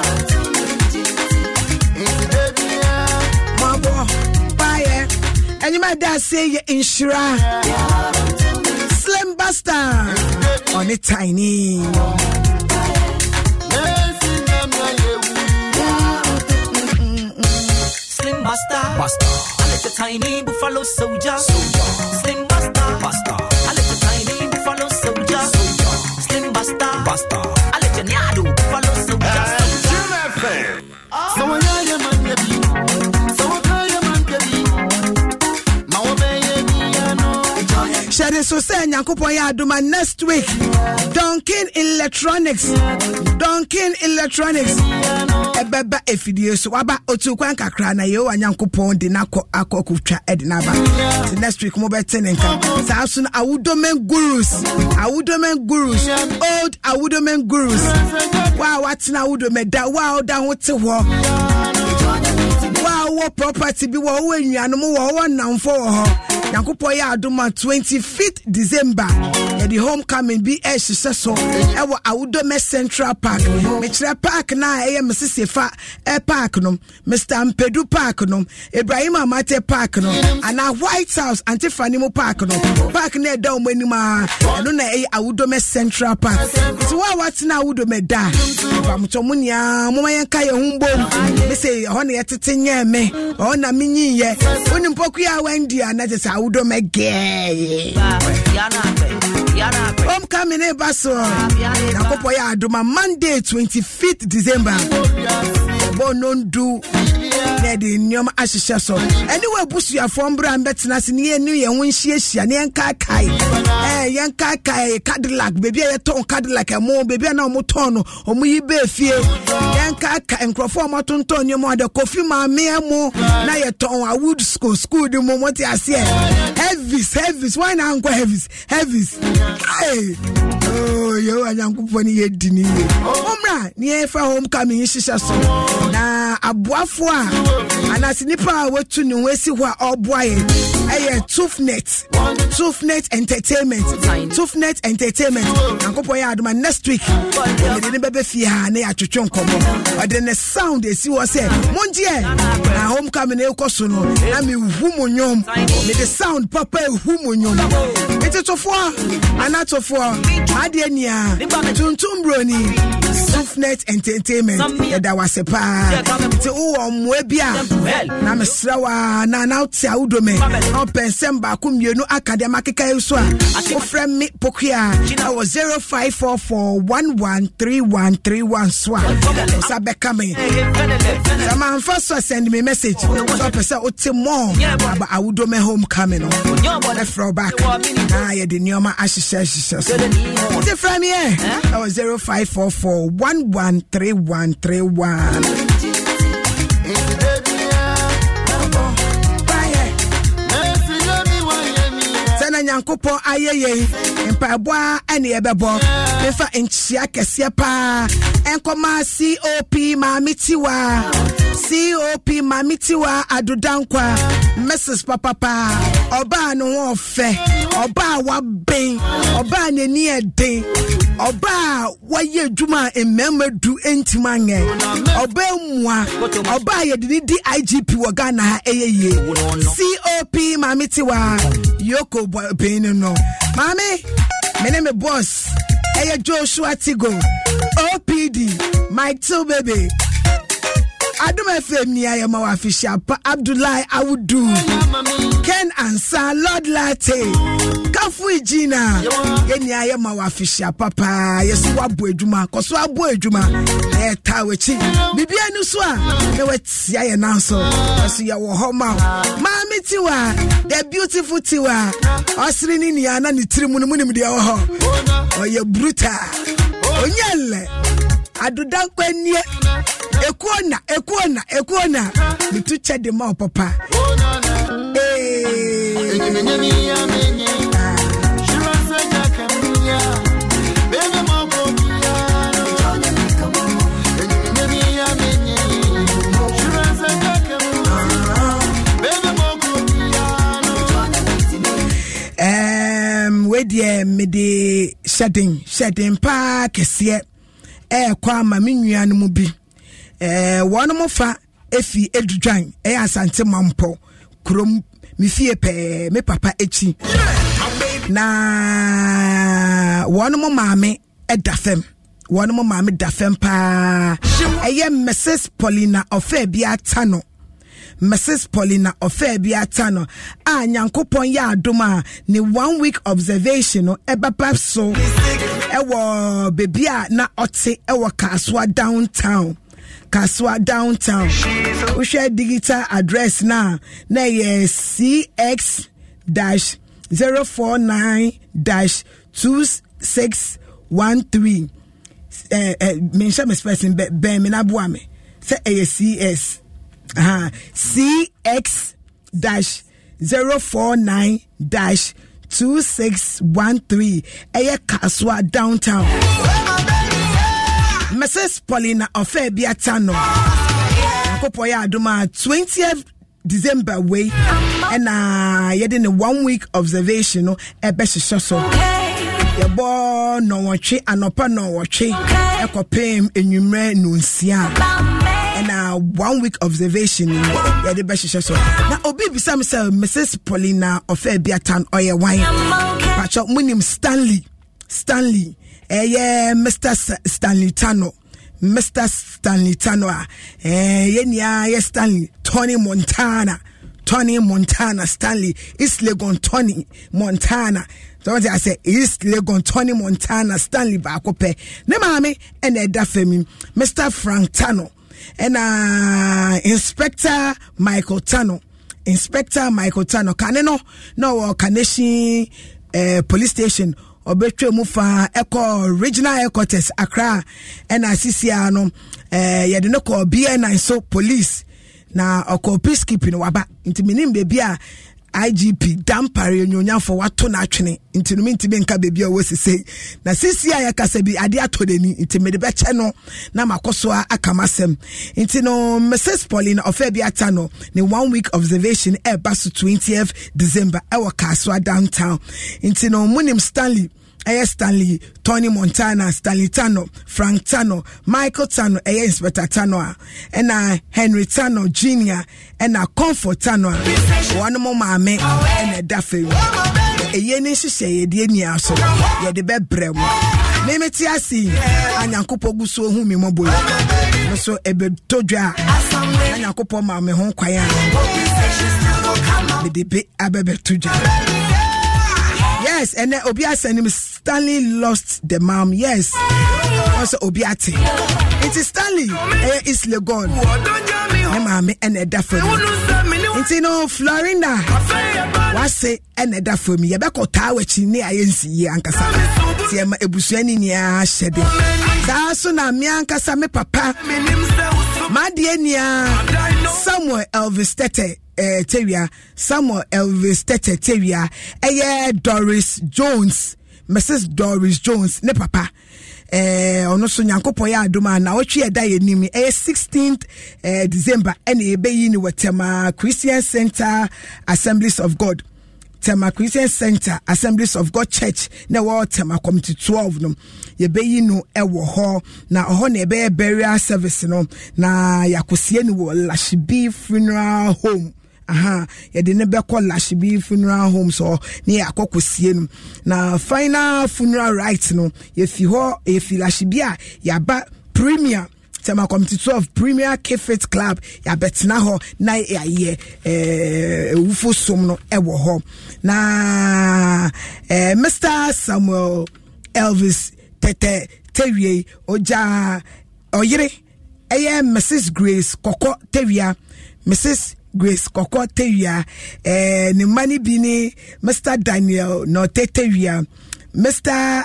And ɛnyima ɛda say yɛ nhyira slim Buster, on ɔne tiny Buster. Buster. I like the tiny buffalo soldier. soldier. Slim Buster. Buster. I like the tiny buffalo soldier. soldier. Slim Buster. Buster. I like hyɛde so sɛ nyankopɔn yɛ adoma next week donkin electronics donkin electronics ɛbɛba afidie so waba otu kwan kakra na yehowa nyankopɔn de nakɔ akɔkotwa ɛde naba nti next week mobɛte ne nka saa so no awodomen gurus awodomen gurus old awodomen gurus wa a watena da wa a woda ho te hɔ wa a wowɔ property bi wɔ wowɔ nnuanom wɔ wowɔ nnamfo wɔ hɔ nyankopɔn yɛ adoma 25th december yɛde homecoming bi ɛhyehyɛ so ɛwɔ awodome central park mekyerɛ park no a ɛyɛ mesese fa eh, park no mr mpedu park no ibrahim amate park no anaa white house antefani mu park no park no ɛda wɔn anim a ɛno na ɛyɛ awodome central park nti wo a watena awodome da bamutɔ mu nyinaa moma yɛnka yɛn ho mbom mesɛ ɛhɔ na yɛtete nyɛɛ me ɔhɔ na menyiyɛ wonim pɔkuyi a wandi a na kyɛ sɛ awodome gɛɛyɛ ɛyɛ in, ne ba so monday 25th december ɔbɔ nondu bɛyɛ de nneɛma ahyehyɛ so ɛne wɔ abusuafoɔ mbrɛ a mbɛtena ase ne yɛne yɛn ho nhyiahyia ne yɛnkaakae yɛnkaakae cadillac baabi a yɛtɔn cadillac ɛmo baabi a na ɔmo tɔn no ɔmo yi bɛɛ fie yɛnkaakae nkurɔfoɔ a ɔmo atontɔn nneɛma ɔde kofi maame mo na yɛtɔn awood school school de mo mo aseɛ heavis heavis wɔn na nkɔ heavis heavis ɛɛ. Oh, yɛwɔ nyankopɔn no yɛdi ne ye mommra ne yɛfa homecoming hyehyɛ so na aboafoɔ a anaasɛ nnipa a watu ne ho asi hɔ a ɔboa yɛ ɛyɛ tufnet tufnet entertainment tufnet entertainment nyankopɔn yɛ adoma next week mede ne bɛbɛ fie ha na yɛatwetwe nkɔmmɔ ɔde ne sound ɛsi hɔ sɛ mongyeɛ na homecoming no ɛkɔ so no na mehu mo nwom mede sound papa ɛhu mo nwom ntotofoɔ anatofoɔ adeɛ nia tuntum broni sufnet entertainment yɛda wase paa nti wowɔ mmoa bi a na mesrɛ w a na na wote a wodome na wopɛn sɛm baako mmienu aka deɛ makeka yi so a wofrɛ me poki a ɛwɔ 0544113131 so a sa bɛka me sɛ mamfa so a send me message sɛ wopɛ sɛ wote mmɔɔ aba awodome homecoming no ɛfrɛ wo back na yɛde nneɔma ahyehyɛ ahyehyɛ so phone. Is it from here? Huh? 0544 onyankopɔn ayɛ yɛn mpaeboa ɛne yɛbɛbɔ mefa nkyia kɛseɛ paa ɛnkɔma cop maame tiwa cop maame tiwa adodankwa mrs papapa ɔbaa ne ho ɔfɛ ɔbaa wabɛn ɔbaa n'ani ɛden ɔbaa wayɛ adwuma a mmarima du ntim anyɛ ɔbaa mua ɔbaa yɛde ne di igp wɔ ghana ha ɛyɛ yie cop maame tiwa yoko panyin no maame me ne me boss ɛyɛ joshua tigo opd my two baby adum fm ni ayẹmọ wa fi ṣe apa abdullahi awudu ken ansa lord latte kafu ijina yẹni ayẹmọ wa fi ṣe apa paa yẹsi wa bo edwuma kọsọ abo edwuma ẹ ta wẹkyi bibi ẹni so a na wẹ tia yẹ nan so ẹsọ yẹ wọ hɔ ma o maame tiwa the beautiful tiwa ɔsiri ni nia na ne tiri mu no mu nim deɛ wɔ hɔ ɔyɛ brutal onyɛ lɛ. adodankwa nie ekuo na ekuo na ekuo na mitu kyɛ de ma papa ee. ehm, wedeɛ mede hyɛden hyɛden paa kɛseɛ ɛɛkɔ ama me nnua no mu bi ɛɛ wɔn mo fa efi edudwan ɛyɛ asante mampɔ kurom mefie pɛɛ me papa ekyi naa wɔn mo maame ɛda fam wɔn mo maame da fam paa ɛyɛ mrs paulina ɔfɛɛ bi ata no mrs paulina ɔfɛɛ bi ata no a nyankopɔn yɛ adom a ne one week observation no ɛbɛba so. ɛwɔ beebi a na ɔte ɛwɔ Kasoa downtown. Kasoa downtown. Wohwɛ digital address na na ɛyɛ CX dash zero four nine dash two six one three. Ɛɛ ɛ mehyɛ mi spɛsin bɛ bɛn mi na bua mi sɛ ɛyɛ CS uh-huh. CX dash zero four nine dash. 2613 ɛyɛ Kasua downtown. Mrs. Paulina Ofebiata no. Akopɔ yɛ adoma 20th December wei ɛna yɛde ne one week observation no ɛbɛhyehyɛ so. Yɛbɔ nɔwɔtwe anɔpa nɔwɔtwe ɛkɔpem enwummerɛ nonsia one week observation yɛde bɛhyehyɛ so na obi bisa me sɛ mrs paulina ɔfɛ biatan ɔyɛ wan patwɛ monim stanley stanley ɛyɛ mr stanley tano mr stanley tano a yɛnia yɛ stanley tony montana tony montana stanley east legon tony montana tọ́wọ́n ti à sẹ́ east legon tony montana stanley baako pẹ́ ne maame ẹ̀na ẹ̀da fẹ́ mi mr frank tano ɛna uh, inspector michael tano inspector michael tano kane no na ɔwɔ kanehyin eh, police station ɔbɛtwa mu fa ɛkɔ regional headquarters accra ɛna sisia no eh, yɛde no kɔ bni so police na ɔkɔ peacekeeping waba nti menim baabi a igp dampare anyonyafo wato n'atwene nti no mentimi nka baabi a ɔwɔ sesei na sisi a yɛkasa bi ade atɔ n'ani nti mede bɛkyɛ no na makɔ so a aka nti no mrs pauline ɔfɛ bi ata no ne one week observation ɛreba so 20th december ɛwɔ kaasoa downtown nti no monim stanley ɛyɛ stanley tony montana stanley tano frank tano michael tano ɛyɛ inspector tano a ɛna henry tano junior ɛna comfort tano a wɔnom maame ɛna ɛda fam ɛyɛ ne nhyehyɛ yɛde nia so yɛde bɛbrɛ mu memete ase anyankopɔn gu so hu me mmɔbɔ yi no so ɛbɛtɔ dwa a anyankopɔn maame ho kwan a mede bi abɛbɛto dwa yes and then obi asɛn him stanley lost the mom yes also obi ate it is stanley ɛyɛ eh, is legon ne maame ɛna ɛda fam nti no florinda wase ɛna ɛda fam yɛbɛkɔ taa w'akyi ne ayɛ nsi yie ankasa ti ɛma ebusua ne nyinaa hyɛ de saa so na mmea ankasa me papa madeɛ nia samuel elvis tete eh, tewia samuel elvis tete tewia ɛyɛ eh, doris jones mrs doris jones ne papa eh, ɔno nso nyankopɔn yɛ adom a nawɔtwe ɛda yɛ nim ɛyɛ 16 eh, december ɛne yɛbɛyi ne wɔ christian center assemblies of god tema christian center assemblies of god church na ɛwɔ tema committee twelve no yɛbɛyi no ɛwɔ hɔ na ɔhɔ na ɛbɛyɛ burial service no na yɛakɔsie no wɔ lahyibi funeral home aha yɛde ne bɛkɔ lahyibi funeral home so ne yɛakɔ kɔsie no na final funeral right no yɛfi hɔ yɛfi lashibi a yɛaba premier tema committee 12 premier kefet club yɛabɛtena hɔ na yɛayɛ ɛwufo eh, som no ɛwɔ hɔ na eh, mr samuel elvis tɛtɛ tewie ogya ɔyere ɛyɛ mrs grace kɔkɔ tewia mrs grace kɔkɔ tewia ɛɛ eh, ne mma no bi ne mr daniel nɔte tewia mr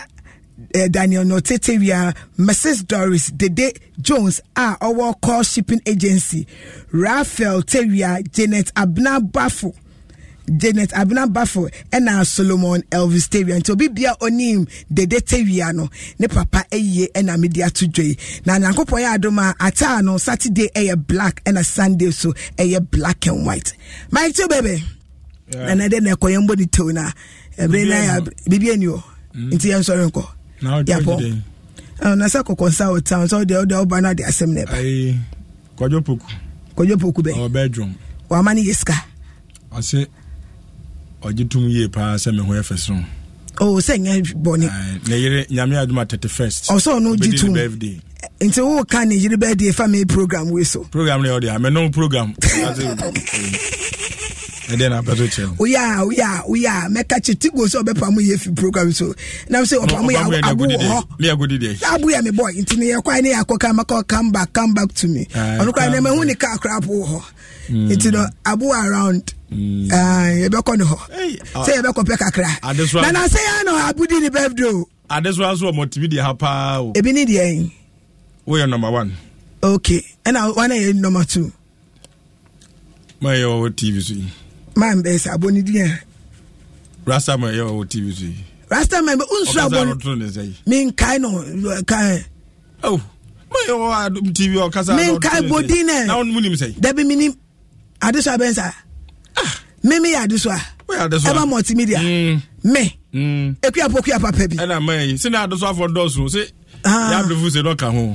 uh, Daniel Notetewia, Mrs. Doris Dede Jones, a ɔwɔ Call Shipping Agency, Raphael Tewia, Janet Abna Bafo. Janet Abena Bafo ɛna Solomon Elvis Tewia nti obi bia onim Dede Tewia no ne papa ɛyie ɛna media ato dwa yi na nyankopɔn yɛ adom ata ataa no Saturday ɛyɛ black ɛna Sunday so ɛyɛ black and white My two bɛbɛ yeah. na na de na ɛkɔ yɛn bɔ ne tew na ɛbɛrɛ na yɛ biribi ɛni o mm. nti yɛn sɔre nkɔ yabɔ na sɛ kɔkɔ nsa wɔ town sɛ wode wode woba no ade asɛm ne ba kwadwo poku kwadwo poku bɛ ɔbɛ dwom wama no yɛ sika ɔse ɔgye tom yie paa sɛ me ho ɛfɛ so o sɛ nyɛ bɔne ne yere nyame adwuma 31st ɔsɛ ɔno gye tom nti wo ka ne yere bɛdeɛ fa me program wei so program ne ɔde a mɛnom program (laughs) ɛdeɛ na apɛtɔ kyerɛ woyɛ a woyɛ a woyɛ a mɛka kye ti go sɛ ɔbɛpa mo yɛ fi program so nam sɛ ɔpa mo yɛ abo wɔ hɔ abo yɛ me bɔ nti ne yɛkwae ne yɛakɔ ka maka come back come back to me ɔno koraa ne mahu ne kaa koraa po wɔ hɔ mm. nti no abo around mm. yɛbɛkɔ ne hɔ ah. sɛ yɛbɛkɔpɛ kakra na nasɛ yɛ na abodi ne birthday o adesoa so ɔmɔ tv deɛ ha paa o ebi ne deɛ woyɛ number one okay ɛna wane yɛ number two mayɛ wɔ tv so yi man bɛyɛ sɛ abɔ ne din a rastaman yɛ wɔ tv so yi rastaman bɛ nsura abɔ ne menkae no kae oh mayɛ wɔ adom tv ɔkasa menkae bodin nɛ na wonom nim sɛ dabi menim ade so abɛn saa meme yɛ ade so a ɛba multimedia me ekuapɔ kuapa pa bi ɛna mayi sɛ ne ade so afɔ dɔɔso sɛ yɛ abrɛfo sɛ dɔka ho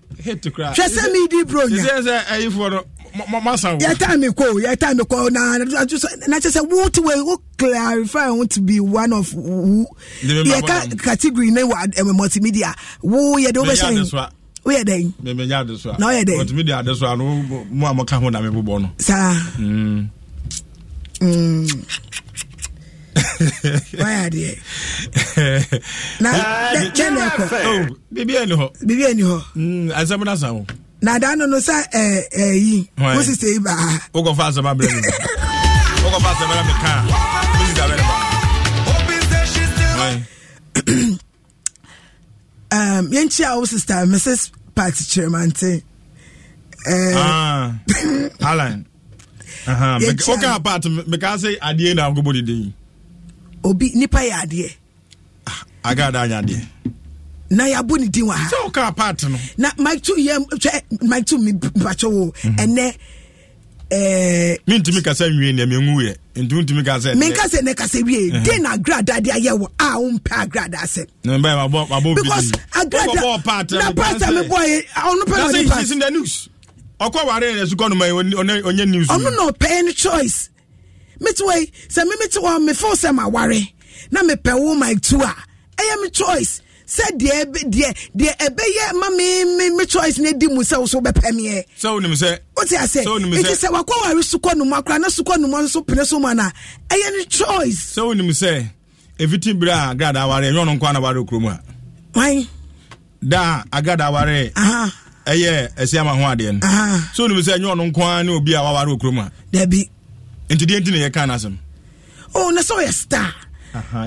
hate to cry. hwɛ sɛ medi bro nyayɛtaa me kɔ yɛtaa me kɔ na kyɛ sɛ wote wei wo clarify want to be one of who yɛka category ne wɔ eh, multimedia wo yɛde wobɛhyɛ woyɛ dɛn mɛmɛnya ade so a na woyɛ dɛn multimedia ade so a no mu a mɔka ho na mebobɔ no saa mm. mm. (laughs) wáyà deɛ (laughs) ah, oh, mm, na dɛ na ɛkɔ bibi ɛni hɔ bibi ɛni hɔ asɛm na san o na dan no no sɛ ɛɛ ɛyi o sise yi baa o kɔ fɔ asɛm abirɛ mi o kɔ fɔ asɛm abirɛ mi kan o sise abirɛ mi ba. yɛn kyi a o sista mrs pat kyerɛmante. alan. Uh-huh. Yeah, okay, apart, because I didn't have good day obi nipa yɛ adeɛ. Ah, agada anya na yabɔ ne din wɔ ha. sɛ ɔka apaati no. na mike tu yɛ twɛ mike tu mi mpatsɛ wo mhm. ɛnɛ. mi ntumi kasa nwie nea mi ngu yɛ ntumi ntumi kasa. mi nkasa ne kasa wie den na agrada de ayɛ wɔ a o mpɛ agrada asɛ. na mbɛ wabɔ wabɔ bi because agrada na paata mi bɔ yɛ ɔno pɛ na ɔde paata. na sɛ yi sisi na news ɔkɔ wari yɛ sukɔ numu yɛ onye news. ɔno na ɔpɛ ni choice mete wɔ yi sɛ memete hɔ mefo sɛ maware na mepɛ wo my two a ɛyɛ me choice sɛ deɛ deɛ deɛ ɛbɛyɛ ma me mi mi choice ne di mu sɛ o so bɛpɛ miɛ. sɛ o nim sɛ. o ti a sɛ sɛ o nim sɛ eti sɛ wakɔ wari sukɔ numu akora ne sukɔ numu nso pene so ma na ɛyɛ ne choice. sɛ o nim sɛ efitin bere a agada awari nyɔnu nkɔ anabari okurum a. wɔn. da agada awari. ɛyɛ ɛsi ama ho adeɛ no. sɛ o nim sɛ nyɔnu obi a wawari okurum a. dabi nti deɛ nti na yɛ kaa no asɛm oh na sɛ ɔyɛ star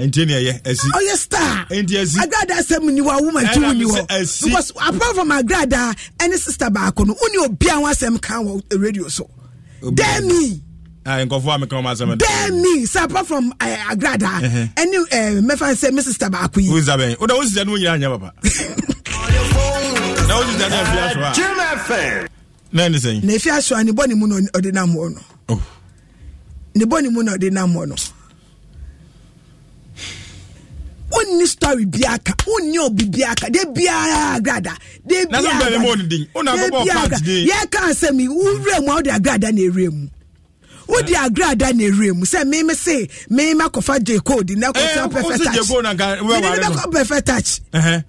nti ne ɛyɛ asi star nti asi agrada asɛm ni wa woman ti wuni hɔ because apart from agrada ɛne sister baako no woni obi a wasɛm kan wɔ radio so dɛmi nkɔfoɔ a meka wɔm asɛm dɛmi apart from uh, agrada ɛne uh, mɛfa sɛ me sister baako yi wosabɛn woda wo sister no wo nyinaa nyɛ papa (laughs) na wo sister no afia so a na ɛne sɛn na ɛfia so a ne bɔ ne mu no ɔde nam wɔ no oh ne bɔ ne mu na ɔde nam hɔ no wonni story bia ka wonni obi bia ka de bia agrada de bia agrada yɛ ka asɛm yi wura mu a wɔde agrada na ewura mu wodi agre ada na ewura mu sɛ mimi se mimi akɔfa j code na kɔfa eh, perfect touch mini bɛ kɔ perfect touch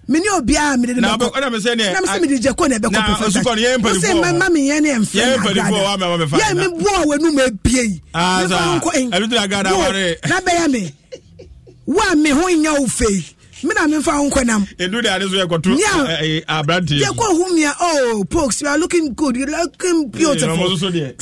mini obiara mini de bɛ kɔ na mi se mi di j code na bɛ kɔ perfect touch mo se mɛ ma mi yɛn ni ɛnfɛ na agre ada yɛ mi bɔ wɛnu mi ebie yi ne ah, fa nkɔ ɛn na bɛyɛ mi wa mi ho nya o fɛ yi mina mi fa nkɔ nam. edu de ade so yɛ kɔtu ɛɛ eh, eh, abirante. yɛ kɔ hu mi a oh pokes you are looking good you are looking beautiful. (laughs)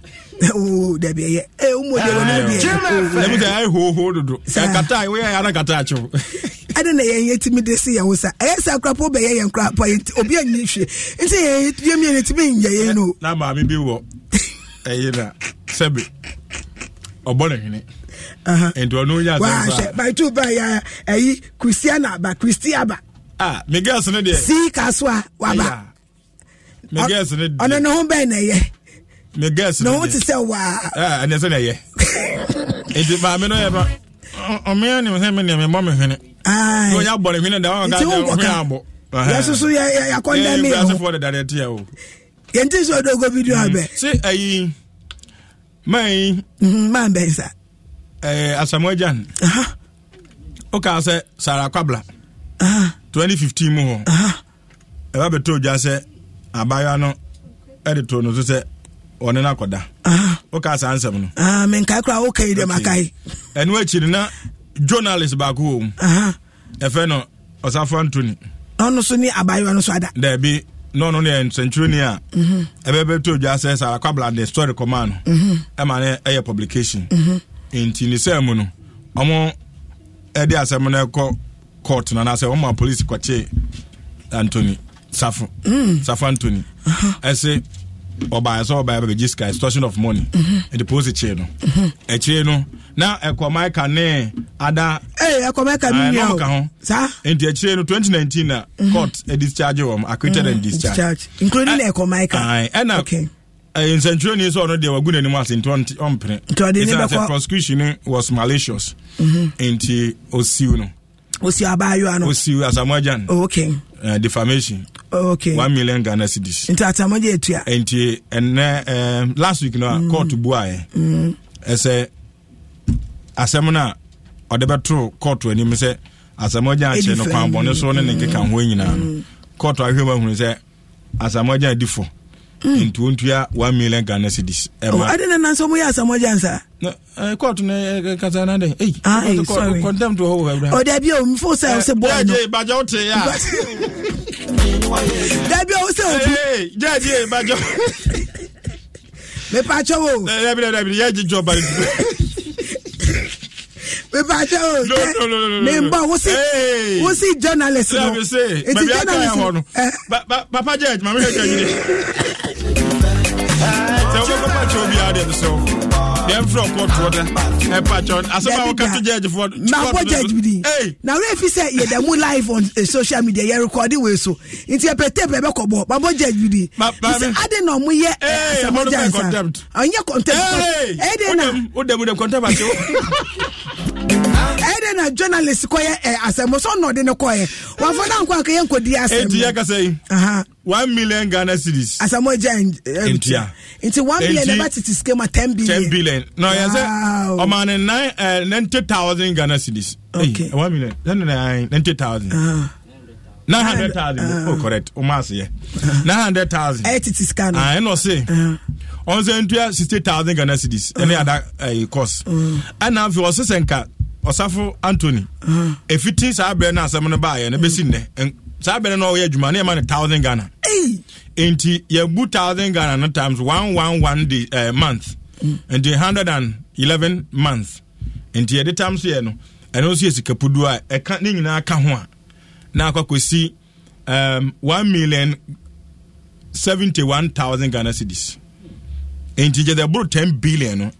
o ɛyɛ ɛ o mɔdi ɛwɔ ne deɛ ɛmu sɛ ayi hoho dodo kata o yɛ ana kata akyew. ɛna (laughs) na yɛn yɛtumi de si yɛn ho sa ɛyɛ sa akorapɔ bɛyɛ yɛn akorapɔ yɛn obi a nyi hwɛ nti yɛn mi yɛn yɛn no. na maame bi wɔ ɛyi na sɛbi ɔbɔ ne hwene. nti ɔno wahyɛ baitu ɛyi kristiana kristiaba. a deɛ. Si kasuwa waba. deɛ ho na ne girls na wọn ti sẹ waa ah, ẹni ẹsẹ na yẹ eti maame náà yẹ ba ọmọ yẹn ni mo sẹ mi ni mi bọ mi hwene ní wọn yà bọ ne hwene da wọn kà jẹ wọn hwene abọ. yẹ soso yẹ yẹ akọ ndẹ mi o yẹ nkurasefo de dade ti yẹ o. yẹn ti sọ dogo video abẹ. si ayi maa yi. maa bẹ nsa. ɛɛ asamuajan o k'a sɛ sara kwabla twenty fifteen mu hɔ ɛbɛ bɛ to o ja sɛ abaayewa no ɛde to no so sɛ ɔne no akɔda woka saa nsɛm no menkae kora wokai dɛ makae ɛno akyiri na journalist baako wɔ mu ɛfɛ no ɔsafo antony ɔno so ne abayewa no so ada daabi na ɔno ne yɛ nsɛnkyerɛni a mhm. ɛbɛbɛtɔ dwa sɛ sara kwabla de story kɔmaa no mhm. ɛma ne ɛyɛ publication mhm. nti ne sɛ mu no ɔmo ɛde asɛm no ɛkɔ court no anaasɛ ɔma police kɔkyee antony safo mm. safo antony ɛse ɔbaa sɛ ɔbaa bɛbɛgye sika extortion of money ɛde mhm. pose kyerɛ no akyire mhm. no na ɛkɔmaika ne ada ɛkɔmaika ka ho saa enti akyire no 2019 na mhm. court eh, discharge wɔm acquitted and discharge including ɛkɔmaika ɛna eh, nsɛntwerɛni sɛ ɔno deɛ wagu n'anim ase nti ɔmpene ɛsiane sɛ prosecution was malicious enti osiw no osiw abaayewa no osiw asamoagyan okay eh, defamation okay. one million Ghana cedis. nti atamagye etua. nti ɛnɛ ɛɛ eh, last week na mm. court buaɛ ɛsɛ mm. asɛm na ɔde bɛto court anim sɛ asamɔgya akyɛ no kwan bɔne so ne ne nkeka ho nyinaa no mm. court ahwɛ mu ahunu sɛ asamɔgya adi fo ntuontua one million Ghana cedis. ɛma ɔde oh, na nanso mo yɛ asamɔgya nsa. Eh, court ne eh, kasa na dɛ eyi contempt wɔ hɔ wɔ hɔ. ɔdabi o mfo sɛ ɔsɛ bɔɔlu. ɛɛ jɛ ìbàjẹ́ o tẹ ya. (laughs) dabi o sẹ obi. jẹ́ẹ̀dì ẹ̀ bá jọ. mepa atwa wo. dabi dabi dabi yẹ́ẹ̀ jíjọ bari. mepa atwa wo. no no no no. mi bọ wosi wosi journalist nọ. eti journalist nọ. Eh? papa jẹ maame jẹ jẹ yire. sẹ o bẹ kọ pa tí a dẹ sọ yɛmfrɛ ɔkɔtoɔ dɛ ɛpakyɛ asɛm a wɔka to gyɛgyefoɔ nabɔ gyɛgye bi din na werɛ fi sɛ yɛda mu live on uh, social media yɛrekɔde wei so nti yɛpɛ tape ɛbɛkɔbɔ mabɔ gyɛgye bi din sɛ ade na ɔmo yɛ eh, asɛmɔgya nsa ɔnyɛ contempt ɛdɛ eh, na wodɛmu dɛ contempt ase (laughs) dɛn na journalist kɔyɛ ɛ asɛm so na ɔde ne kɔyɛ wafɔ na nkɔ akɛyɛ nkɔdi asɛm. eti yɛ kasa yi one million Ghana cedis. asamoah jẹ ntia nti one million ẹ bá titi sike ma ten billion. ten billion No yẹn sẹ ọmọ ni nine ẹ ninety thousand Ghana cedis. okay one million ten nine ninety thousand. Ah. nine hundred thousand ah. oh correct o ma se yẹ ah. nine hundred thousand. ẹ titi sika nù. ẹ nọ se ọ̀n sẹ ntua sixty thousand Ghana cedis ẹni ada ẹ cost ẹnna fi ọ̀sẹ̀sẹ̀ nka ɔsafo antony ɛfiti ah. saa berɛ no asɛm no baayɛ no bɛsi nnɛ saa berɛ no ɔyɛ adwuma ne ɛma no thousand ghana nti yɛbu thousand ghana no times one one one day uh, month mm. nti hundred and eleven month nti yɛde tam so yɛ no ɛno nso yɛ sikapudu a ɛka ne nyinaa ka ho a na akɔkɔsi um, ehm, one million seventy one thousand ghana cedis nti gyedɛ boro ten billion no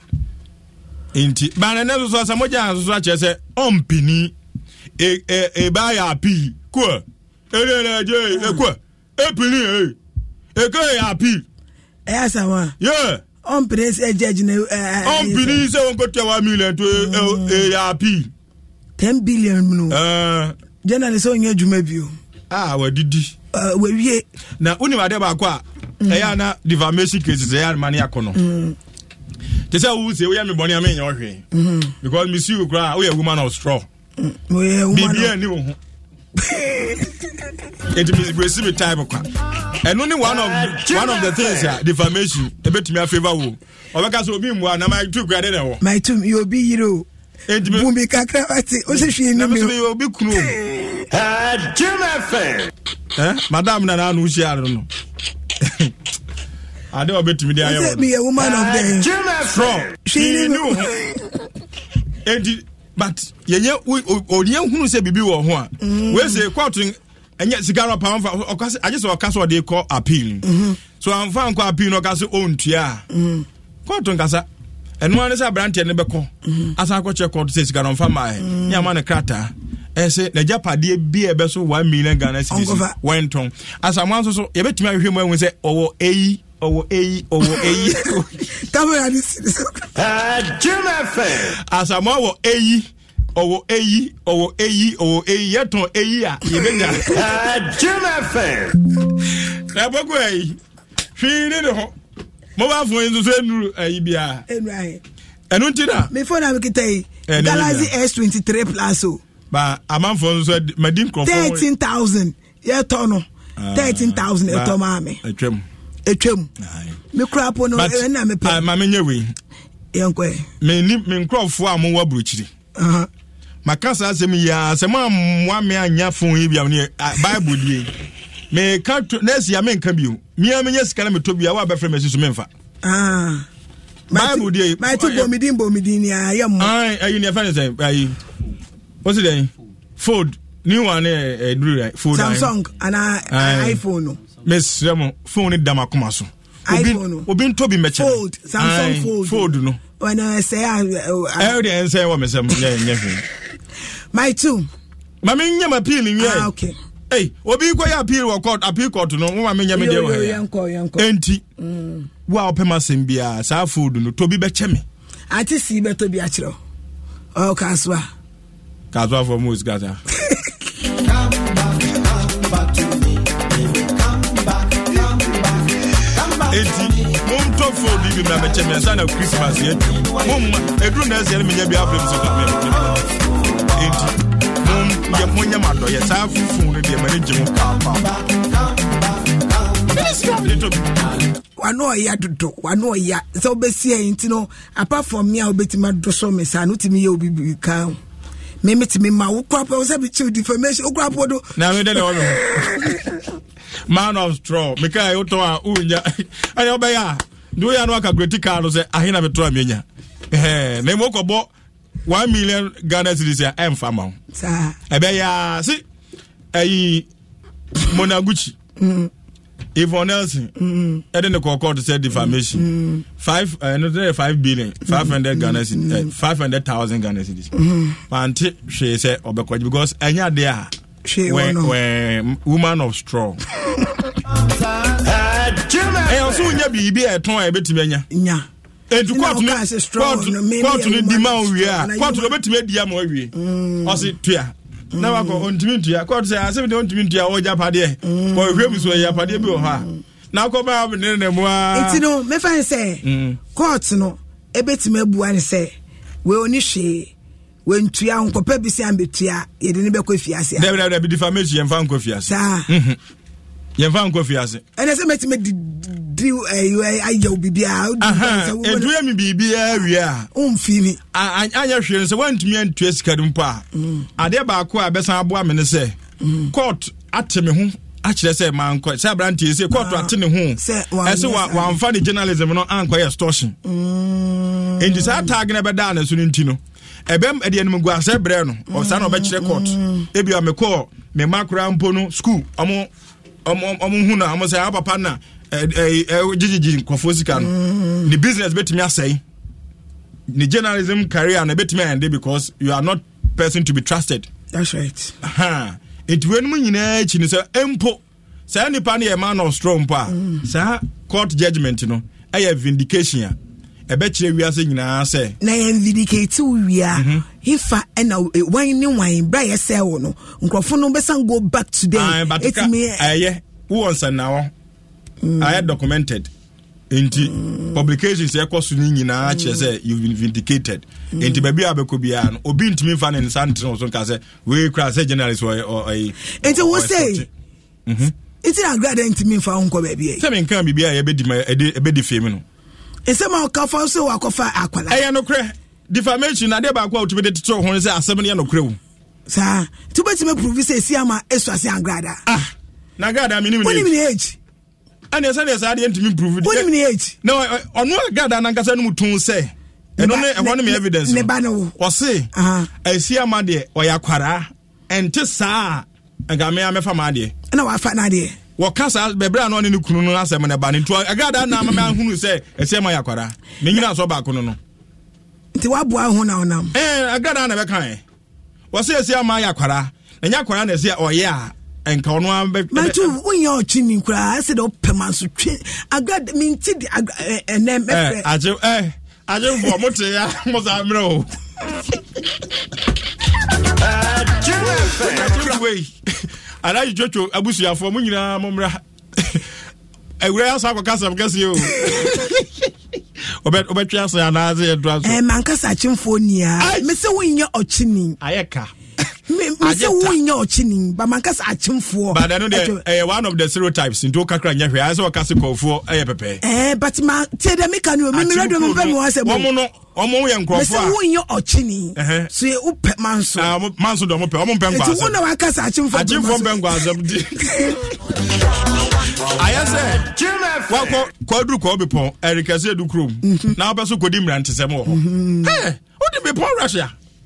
nti bana ne soso asɛ mogya soso akyerɛ sɛ ɔmpini ɛba e, e, e, yɛ apii kua ɛnɛnagye ɛkua ɛpini ee ɛka yɛ apii ɛyɛ asɛm a yɛ ɔmpini sɛ ɛgya gyina ɔmpini sɛ wɔnkɔtua wa million to ɛyɛ apii ten billion mu no generally sɛ ɔnyɛ adwuma bio a wadidi wawie na wonim adeɛ baako a ɛyɛ ana defamation cases ɛyɛ anoma ne akɔ no mm te sɛ wo se woyɛ mebɔne a menyɛ ɔhwee because mesu wo koraa woyɛ woman of straw biribia ani wo ho nti mebrɛsi me type kwa ɛno ne one of one of the ah, things a defamation ɛbɛtumi afavor wo ɔbɛka sɛ obi mmoa na mato kura de ne wɔ matom yɛ obi yere o bumi kakra wate wo sɛ hwee no myɛ Jim kunu o madam nanaano wohyia no no ade ɔbɛtumi de ayɛ wɔmeyɛ woman of the ah, strong hwee ne ho enti but yɛnyɛ ɔnyɛ hunu sɛ biribi wɔ ho a mm. wei sɛ kɔɔto ɛnyɛ sika no paa mfa ɔka sɛ agye sɛ ɔka sɛ ɔde kɔ appeal mm-hmm. so amfa nkɔ appeal no ɔka sɛ ɔntua a kɔɔto mm. nkasa ɛnoa ne sɛ aberanteɛ no bɛkɔ mm-hmm. asan akɔkyerɛ kɔɔto sɛ sika no mfa maaɛ mm. ne ama no krataa ɛsɛ n'agya padeɛ bi a ɛbɛ so one million ghana cedis wɔntɔn asamoa nso so yɛbɛtumi ahwehwɛ mu ahu sɛ ɔwɔ ɛyi ɔwɔ eyi ɔwɔ eyi. (laughs) kamara ni siri so. Eh, jimmy fɛ. asamoa wɔ eyi ɔwɔ eyi ɔwɔ eyi ɔwɔ eyi yɛtɔn eyi a yɛbɛnya. Eh, jimmy fɛ. ɛbɔkɔ eh, ɛyi hwii ne ne ho mobile phone nso so enuru ɛyi bia. enura yɛ. ɛnu ti na. mi fone a mi kita yi galaxy s twenty three plus o. ba amanfo nso madi nkurɔfo. thirteen thousand yɛtɔ no ah, thirteen thousand yɛtɔ maa mi. ɛtwam ɛtwam me kora po no ɛna eh, mepɛ ma menyɛ wei yɛnkɔ eh. meni me nkurɔfoɔ a mowɔ aburokyiri uh-huh. maka saa asɛm yi a sɛ moammoa me anya fo yi bia ne bible die meka na asia menka bio mia menyɛ sika na metɔ bia woabɛfrɛ me asi so memfa ah. bible die mate bomedin bomedin neayɛ mmɔ ayi neɛfɛ ne sɛ ayi wo eh, samsung anaa iphone no mesrɛ mo phone ni da makoma so obi ntɔ bi mɛkyɛ fold no ɛwode ɛnsɛ wɔ me sɛm nyɛ hwee my two ma menyɛ ma pii ne wiɛ ei obi kɔ yɛ appeal wɔ court appeal court no woma menyɛ me deɛ wɔ enti mm. wo a ma masɛm biaa saa fold no tobi bɛkyɛ me ate sii bɛtɔ bi akyerɛ ɔkasoa kasoafoɔ mu sika saa bi mmira bɛkyɛ me ansa na christmas yɛadu momma ɛduru na ɛsɛ no menya bi afrɛ m so enti monyɛ monyɛ madɔyɛ saa fufu no deɛ mane gye mo paapa wano ɔya dodo wano ɔya sɛ wobɛsi a nti no apart from me a wobɛtumi adosɔ me saa no wotumi yɛ obi bi ka ho memetumi ma wo korapɔ wo sɛ mekyew defamation wo korapɔ do na medɛ ne man of straw mekae wotɔ a wonya ɛnɛ wobɛyɛ a de woyɛ no akakurati kaa no sɛ ahe na metoa meanya na mmom wokɔbɔ 1 million ghana series a ɛmfa e ma wo ɛbɛyɛa se ayi monaguchi Yvonne Nelson ɛde ne kɔkɔɔ to sɛ defamation five ɛno eh, tɛ five billion five hundred Ghana cedis eh, five hundred thousand Ghana cedis pante hwee sɛ ɔbɛkɔgye because ɛnyɛ adeɛ a wɛ wɛ woman of straw. (laughs) ɛyɛ so wonya biribi a ɛtɔn a ɛbɛtumi anya nya ɛnti kɔɔto no di ma wo wie a kɔɔto no wobɛtumi adi ama awie ɔse tua na wakɔ ɔntumi ntua kɔɔto sɛ asɛm de ɔntumi ntua wɔgya padeɛ wɔhwɛ mu so ɛyɛ apadeɛ bi wɔ hɔ a na akɔba abene ne mu a nti no mɛfa ne sɛ kɔɔto no ɛbɛtumi abua ne sɛ wɔni hwee wɔntua nkɔpɛ bi sɛ ambɛtua yɛde ne bɛkɔ afiase a dabidabi diffamation yɛmfa nkɔ afiase saa yɛmfa nkɔ fiase ɛnɛ sɛ mɛtumi didi ayɛ wo biribiaa ɛduyɛ me biribiaa wie a womfini anyɛ hwee no sɛ woantumi antua sika no mpo a mm. adeɛ baako a ɛbɛsan aboa me sɛ mm. court ate me ho akyerɛ sɛ mankɔ sɛ aberanteɛ sɛ court ah, ate ne ho ɛsɛ wamfa ne journalism no ankɔyɛ extortion mm. enti saa tag no ɛbɛdaa ne so no nti no ɛbɛm ɛde anim guasɛ brɛ no ɔsaa na ɔbɛkyerɛ court ebia mekɔɔ me ma koraa ɔmo hu ah, na ɔmo sɛ apapa na gyigyigyi nkurɔfoɔ sika no ne business bɛtumi asɛe ne journalism career na bɛtumi ayɛnde because you are not person to be trusted that's right nti weinom nyinaa akyi no sɛ mpo saa nipa no yɛ man of strong mpo a mm. saa court judgment no ɛyɛ vindication a ɛbɛkyerɛ wiase nyinaa sɛ na yɛnvidikate wo wie a hefa mhm. ɛna eh, wan ne wan berɛ a yɛsɛe wo no nkurɔfo no bɛsan go back today ɛtumi ɛyɛ wowɔ nsannawɔ mm. ayɛ documented nti mm. publications ɛkɔ so no nyinaa mm. kyerɛ sɛ you've vindicated mm. nti baabi a bɛkɔ biara no obi ntumi mfa ne nsa ntene wo so nka sɛ wei kora sɛ journalist ɔyi nti wo sei nti mhm. na agrada ntumi mfa wo nkɔ baabi ai sɛ menka biribia a yɛbɛdi fie mu no ɛsɛm a ɔkafa sɛ wakɔfa akwala ɛyɛ nokorɛ defamation na adeɛ baako a wotumi de tetɔ ho sɛ asɛm no yɛ nokorɛ wo saa nti wobɛtumi aprovi sɛ ɛsi ama ɛsu ase angrada ah na mi ni mi. Ah, ne age ɛne ni saa deɛ ntumi mprove wonim ne age na ɔno a grada nankasa no mu to sɛ ɛno ne ɛhɔ no me evidence ne ba ne wo ɔse ɛsi ama deɛ ɔyɛ akwaraa ɛnte saa a nka me a mɛfa ma adeɛ ɛna wafa no W'ọkasa bɛbrɛ a na ɔne ne kunu no asɛm no ba no nti na mama ahunu sɛ ɛsɛ ma yɛ akwara menyina no no nti woaboa ho na wonam agradaa na bɛkaɛ wɔsɛ ɛsɛ ama yɛ akwara na nyɛ akwara na ɛsɛ ɔyɛ a nka ɔno koraa ɛsɛ dɛ wopɛ ma so twe agrada menti de ɛnɛ mɛfrɛ agyemfoɔ mote ya mmerɛ o (laughs) anayi twetwo abusuafoɔ mu nyinaa mommra awura (laughs) asa akɔka asɛm kɛseɛ o wobɛtwe (laughs) asɛ anaasɛ yɛdra so mankasa akyemfoɔ nia mesɛ wonyɛ ɔkyini ayɛ ka mesɛ wonya ɔkyene ba akyemfoɔ bada no deɛ ɛyɛ one of the stereotypes nti wokakra nyɛ hwɛ ayɛ sɛ wɔka se kɔɔfoɔ ɛyɛ pɛpɛɛ eh, but ma tie dɛ meka no memmerɛ dɔ mempɛ me wɔ sɛ ɔmo no ɔmo yɛ nkurɔfoɔ a wonya ɔkyene so yɛ wopɛ ma nso ah, ma nso dɔ mopɛ ɔmo mpɛ nkwa asɛm wo na waka sɛ akyemfoɔ akyemfoɔ mpɛ nkwa asɛm di (laughs) ayɛ bepɔn ɛrekɛsɛ du kurom mhm. na wopɛ so kɔdi mmerantesɛm wɔ hɔ mhm. wode bepɔn russia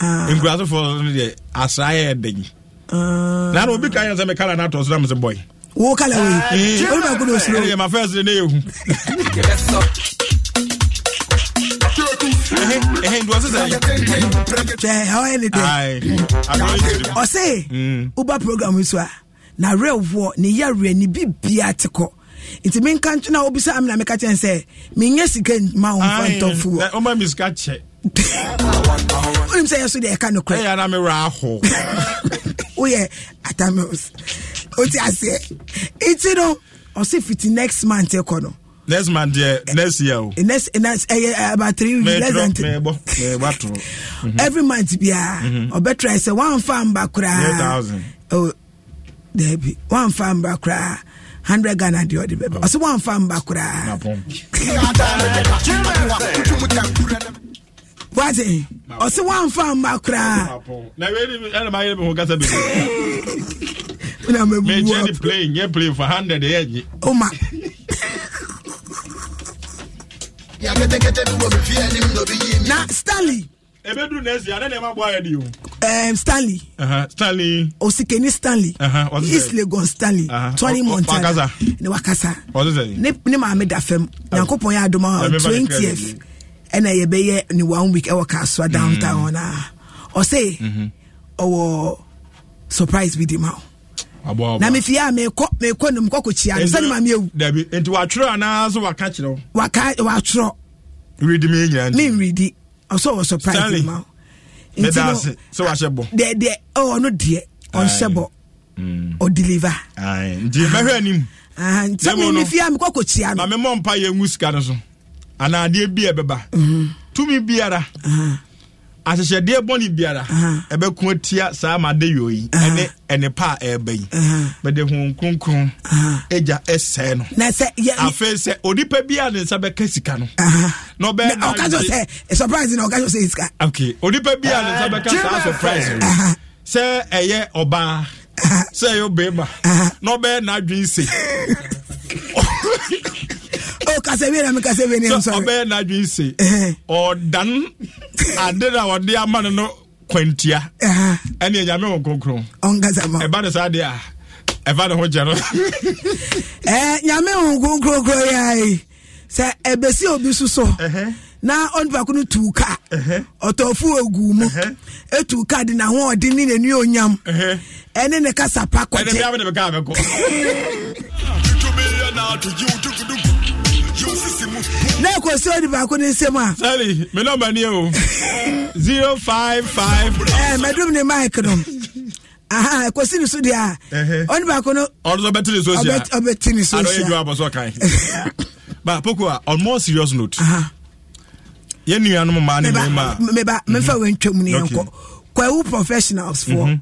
Ah. nkurasofoɔ no deɛ asra yɛ den na ah. na obi ka yɛ sɛ me kala no atɔ so na mesɛ bɔe wo eh. na ne yɛhu ɔse mm. woba program so a na werɛwoɔ ne yɛwerɛ ne bibia te kɔ nti menka nto na wobisa amena meka kyɛn sɛ menyɛ sika ma wo mfa (laughs) wonim sɛ yɛ deɛ ɛka nokorɛyɛ na mewra aho (laughs) woyɛ atamos ɔti aseɛ nti no ɔse fiti next month ɛkɔ no next month deɛ next year o next next ɛyɛ about three weeks less than three mɛbɔ mɛbɔ atoro (laughs) every month biara mhm. ɔbɛtɔ ɛsɛ one farm ba koraa oh deebi one farm ba koraa hundred Ghana deɛ ɔde bɛbɛ oh. ɔsɛ one farm ba koraa. (laughs) wate ɔsɛ wamfa mma koraama na stanley ebedu nɛsi ale ni ɛma bɔ ayɛ di o. ɛɛ stanley. Uh-huh. stanley. osikeni stanley. Uh-huh. east lagos stanley. Uh-huh. twenty montana wakasa. ne wakasa. ne maame da fam. nyankopɔn y'a dɔn ma twentieth ɛna yɛbɛyɛ ne one week ɛwɔ kasoa downtown mm. a ɔse mhm. ɔwɔ surprise bi di ma o na mefie a mekɔ mekɔ nom kɔkɔ kyia no sɛne ma meɛwu dabi nti watwerɛ anaasɛ waka kyerɛ waka watwerɛ redi me nyinaa menredi ɔsɛ ɔwɔ surprise bi ma o nti no sɛ wahyɛ bɔ deɛ ɔwɔ no deɛ ɔnhyɛ bɔ mm. ɔdeliver nti mɛhwɛ anim sɛ memefie a mekɔkɔ kyia no ma memɔ mpa yɛngu sika no so anaa adeɛ bi a ɛbɛba mhm. tumi biara ahyehyɛdeɛ bɔne biara ɛbɛko atia saa amade yoo yi ɛne ɛne pa a ɛreba yi mɛde ho nkronkron agya ɛsɛe no afei sɛ onipa bi ne nsa bɛka sika no na ɔbɛɛ na ɔka surprise na ɔka so sɛ sika okay onipa bi a ne nsa bɛka saa surprise no sɛ ɛyɛ ɔbaa sɛ ɛyɛ ɔbɛɛma na ɔbɛɛ n'adwene se (laughs) kasa wie na mi kasa wie ni nsọ. sọ ọbẹ na ise ọdan ade na ọde ama no no kwantia ɛne ɛnyame wɔ kronkron a ɛfa ne ho gyɛ no nyame obi so na ɔnipa ko no tuu ka ɔtɔfo ogu mu etu e, ka na ho ɔde ne n'ani onyam kasa pa (laughs) na ɛkɔ sɛ ɔde baako ne nsɛm a sɛle me nɔmba ne o 055 madom ne mike no aha ɛkɔsi ne so deɛ a ɔne baako no ɔno sɛ ɔbɛte ne so sia ɔbɛte ne so sia adɔyɛ abɔ sɛ ɔkae ba poko a on more serious note yɛn nuanom maa ne mmarima meba memfa mhm. wantwa mu ne yɛnkɔ kwawu professionals foɔ mm -hmm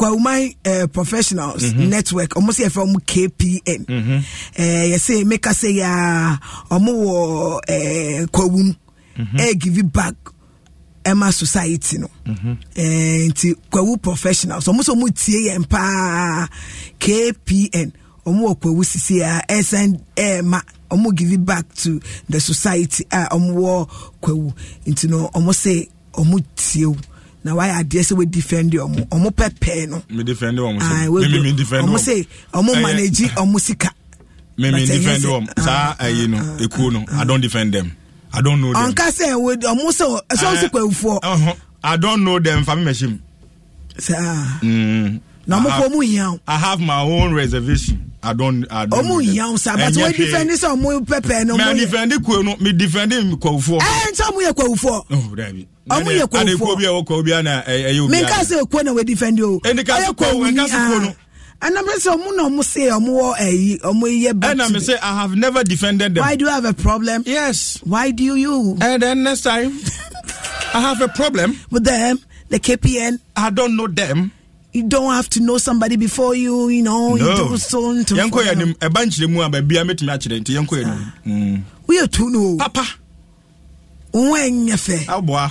kwauman uh, eh, professionals mm -hmm. network ɔmo sɛ yɛfrɛ ɔmo kpn mm mhm. -hmm. uh, eh, yɛsɛ meka sɛ yɛ ɔmo wɔ uh, kwawum mm -hmm. back ɛma society no mm -hmm. nti kwawu professionals ɔmo sɛ ɔmo tie yɛn paa kpn ɔmo wɔ kwawu sisi a ɛsɛn ɛɛma ɔmo give back to the society a ɔmo wɔ kwawu nti no ɔmo sɛ ɔmo tie o na wayɛ adeɛ sɛ wɔdefend ɔmo ɔmo pɛpɛɛ no ɔmo sɛ ɔmo managi ɔmo sika ɔnka sɛ ɔmo sɛ ɛsɛ sɛ kwafuɔ I don't know them family machine. Sir. Ah. Mm. No, I, have, I have my own reservation. I don't. I don't. Omu yaw sa, but we defend this on pepe no. Me I defend ko no, me defend him ko ufo. Eh, nta mu ye ko ufo. Oh, David. Omu ye ko ufo. Oh, ade ko bi e ko bi na e e obi. Me na we defend o. E eh, ka se ko, e ka se ko ah. no. anamre sɛ ɔmo na ɔmo se ɔmo wɔ eh, ɛyi ɔmo yɛ back ɛna eh, me say i have never defended them why do you have a problem yes why do you and then next time (laughs) i have a problem with them the kpn i don't know them you don't have to know somebody before you, you know. No. You do so Yanko a bunch of them, met me Yanko ah. mm. We are too new. Papa. When you fair. Alboa.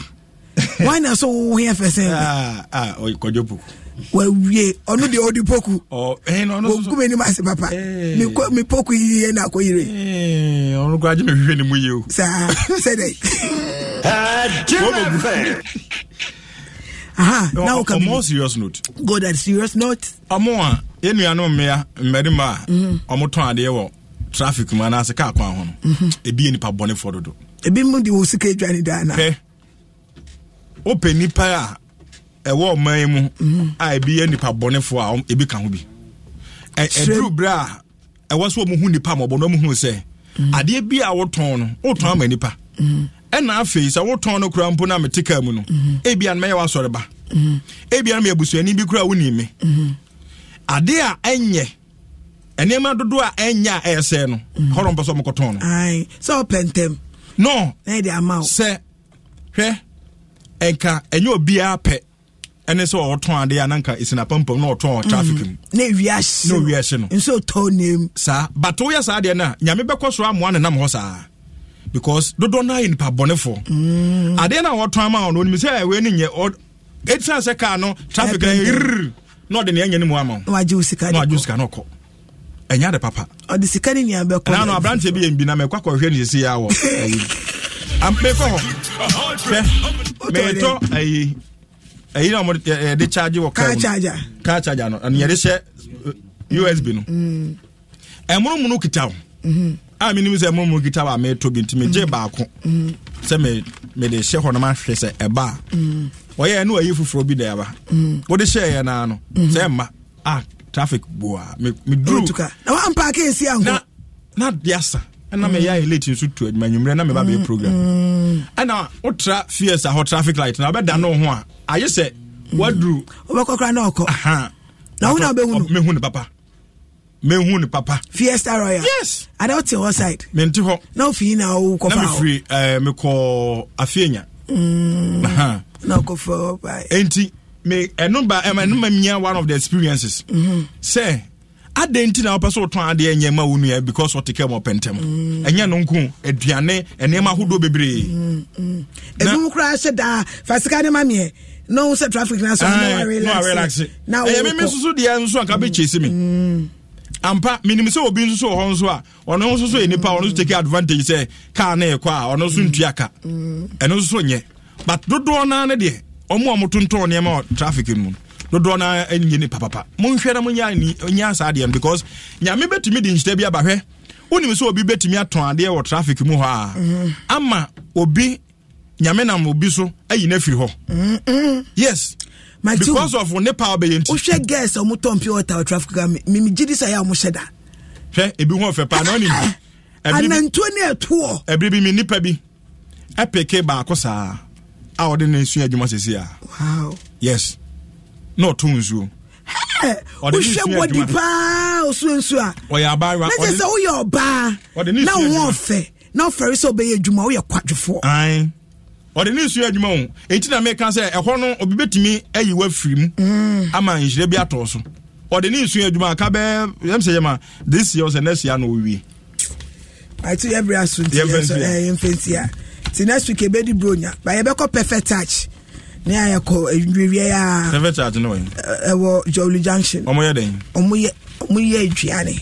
(laughs) Why not so we have a say? Ah, ah, or Kojopu. Well, we ọnu de ọdi poku. ọ ẹn na ọnu sọsọ okun mi papa mi kọ mi poku yi na kọ yire. ọnu eh, kọ ajé mi mu yie o. saa sẹdẹ. (laughs) aha eh, na more serious note serious note Ọmụ a mmea mmarima a ọmọ mhm. adeɛ wɔ traffic mu anaasɛ kaa kwan ho no mhm. ebi yɛ nipa dodo ebi a ɛwɔ ɔman mu mhm. a ebi yɛ nipa a ebi ka ho bi ɛduru a ɛwɔ hu nipa ma sɛ adeɛ bi a no ama nipa. ɛna afei sɛ wotɔn no kora mpo no mete kaa mu no ebia no mɛyɛ w'asɔre ba ebia no meyɛbusuani bi kora wonim me ade a ɛnyɛ nneɛma dodoɔ a ɛnyɛ a ɛyɛ sɛ no hɔrɔ mpɛ sɛ ɔmokɔtɔn no sɛ ɔpɛntɛm. ntɛm no sɛ hwɛ ɛnka ɛnyɛ obiara pɛ ɛne sɛ ɔtɔn adeɛ a nanka ɛsina pampam na ɔtɔn traffic mu mm. na ewiase no nso ɔtɔn nem saa but woyɛ saa deɛ no a nyame bɛkɔ so amoa ne nam hɔ saa because dodoɔ no ayɛ nipa bɔnefoɔ mm. adeɛ no a wɔtɔn ama ɔno ɔnim a wei no nyɛ ɛtina sɛ kaa no traffic ayɛr na ɔde ne ɛnyɛ no mu ama wogye sika na ɔkɔ ɛnyɛ ade papa ɔde sika no nyinaa bɛkɔnano aberanteɛ bi yɛ mbi na mɛkɔ akɔhwɛ ne yɛsi yɛ awɔ mekɔ hɔ hwɛ meetɔ ayi ayi na yɛde charge wɔ kaa charger kaa charger no ɛne yɛde hyɛ usb no mm. ɛmono mu no kita wo mm-hmm a ah, menim sɛ momu gita wa meto bi nti megye mm. baako sɛ mede hyɛ hɔ nom ahwɛ sɛ ɛba a mm. ɔyɛ ne wayi foforɔ bi da ɛba mm. wode hyɛɛ naa no mm-hmm. sɛ ɛmma ah, a traffic na meduruna de asa ɛna meyɛ ayɛ late nso tu adwuma nwummerɛ na ba bɛyɛ mm-hmm. program ɛna wotra fies a hɔ traffic light na wobɛda ne wo ho a ayɛ sɛ woaduru wobɛkɔ kora ne ɔkɔ na wo na wobɛhu no mehu papa mehu ne papa fiesta royal yes ada wote hɔ side mente hɔ na wofii na wokɔfa na mefiri uh, mekɔ afeanya mm. na wokɔfa ba enti me ɛno ba ɛma eh, ɛno ma mia one of the experiences mm-hmm. sɛ adɛn nti na wopɛ sɛ wotɔn adeɛ nyɛ ma wo nua because wɔte kɛ ma ɔpɛntɛm mm. ɛnyɛ no nko aduane ɛnneɛma ahodoɔ bebree ɛbimu mm-hmm. koraa hyɛ daa fa sika ne ma meɛ na sɛ traffic na so no arelaxe na eh, ɛyɛ meme soso deɛ nso anka bɛkyɛsi me mm. ampa menim sɛ obi nso so wɔ hɔ nso a ɔno nso so yɛ nipa ɔno nso take advantage sɛ car no ɛkɔ a ɔno nso ntua ka ɛno nso so nyɛ but dodoɔ naa no deɛ ɔmo a motontɔn nneɛma wɔ traffic mu dodoɔ naa nyɛ ni papapa monhwɛ na monyɛ saa deɛ no because nyame bɛtumi de nhyira bi aba hwɛ wonim sɛ obi betumi atɔn adeɛ wɔ traffic mu hɔ a ama obi nyame nam obi so ayi no hɔ yes because of ne power bɛyɛ nti wohwɛ girls a ɔmotɔn pure water wɔ traffic a memegye di sɛ yɛ a ɔmohyɛ da hwɛ ebi ho ɔfɛ paa na ɔnim anantuo ne ɛtoɔ ɛbere bi me nnipa bi ɛpeke baako saa a ɔde ne nsua adwuma sɛsi a yes na ɔto nsuo wohwɛ bɔdi paa ɔsoro nsuo a ɔyɛ abaayewa na kyɛ sɛ woyɛ ɔbaa na wo ho ɔfɛ na ɔfɛre sɛ ɔbɛyɛ adwuma woyɛ kwadwofoɔ ɔde ne nsuo adwuma wo ɛnti na meka sɛ ɛhɔ no obi bɛtumi ayi wafiri mu mm. ama nhyirɛ bi atɔ so ɔde ne nsuo adwuma ka bɛɛ ɛm sɛ yɛma this year sɛ next year na ɔwie ɛto yɛbrɛ asontiɛmfɛntia nti next week ɛbɛdi bronya ba yɛbɛkɔ perfect touch ne a yɛkɔ eh, nwiewie a perfect touch no eh, ɛwɔ jolly junction ɔmo yɛ dɛn ɔmo yɛ ɔmo yɛ aduane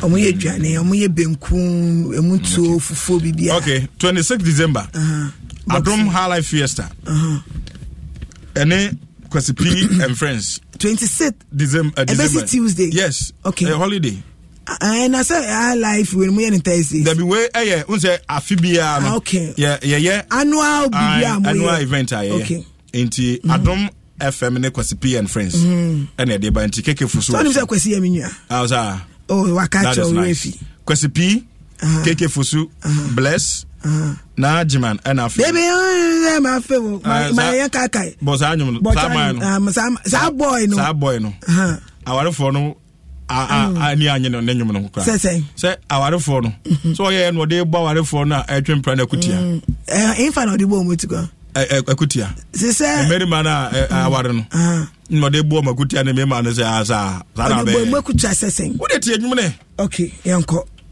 ɔmo yɛ aduane ɔmo yɛ benkum ɛmu tuo mm, fufuo biribiara okay twenty six december uh -huh adom highlife fiesta ɛne uh-huh. kwasi p and friends. twenty sixth december uh, december ɛbɛsi tuesday. yes okay uh, holiday. na sɛ ɛyɛ life wei mu yɛ ne thursday. dabi wei eh, ɛyɛ n sɛ afi biara no ah, yɛ yɛ. annual ah, bibi a mo yɛ annual event a ah, yɛ yɛ nti mm-hmm. adom fm ne kwasi p and friends ɛna ɛde ba nti keke fuso. sɔɔni sɛ kwasi yɛ mi nua. awo sa. o wa ka kyɛw wei kwasi p keke Fusu. bless. Uh -huh na agyeman ɛna afei. bébí ɛn ma fẹ́ wo ma yẹ kakae. bọ saa anyim no saa man no saa bọyì no saa bọyì no awarefoɔ no ani anyi no ne nyom no kora sɛ sɛ awarefoɔ no sɛ ɔyɛ no ɔde bɔ awarefoɔ no a ɛtwe mpra no akutia. ɛnfa na ɔde bɔ ɔmo ti kɔ. akutia sisɛ mmarima no a aware no na ɔde bɔ ɔmo akutia ne mmarima no sɛ asa saa na bɛyɛ ɔde bɔ ɔmo akutia sɛsɛn. wode tie dwumune. ok yɛn kɔ.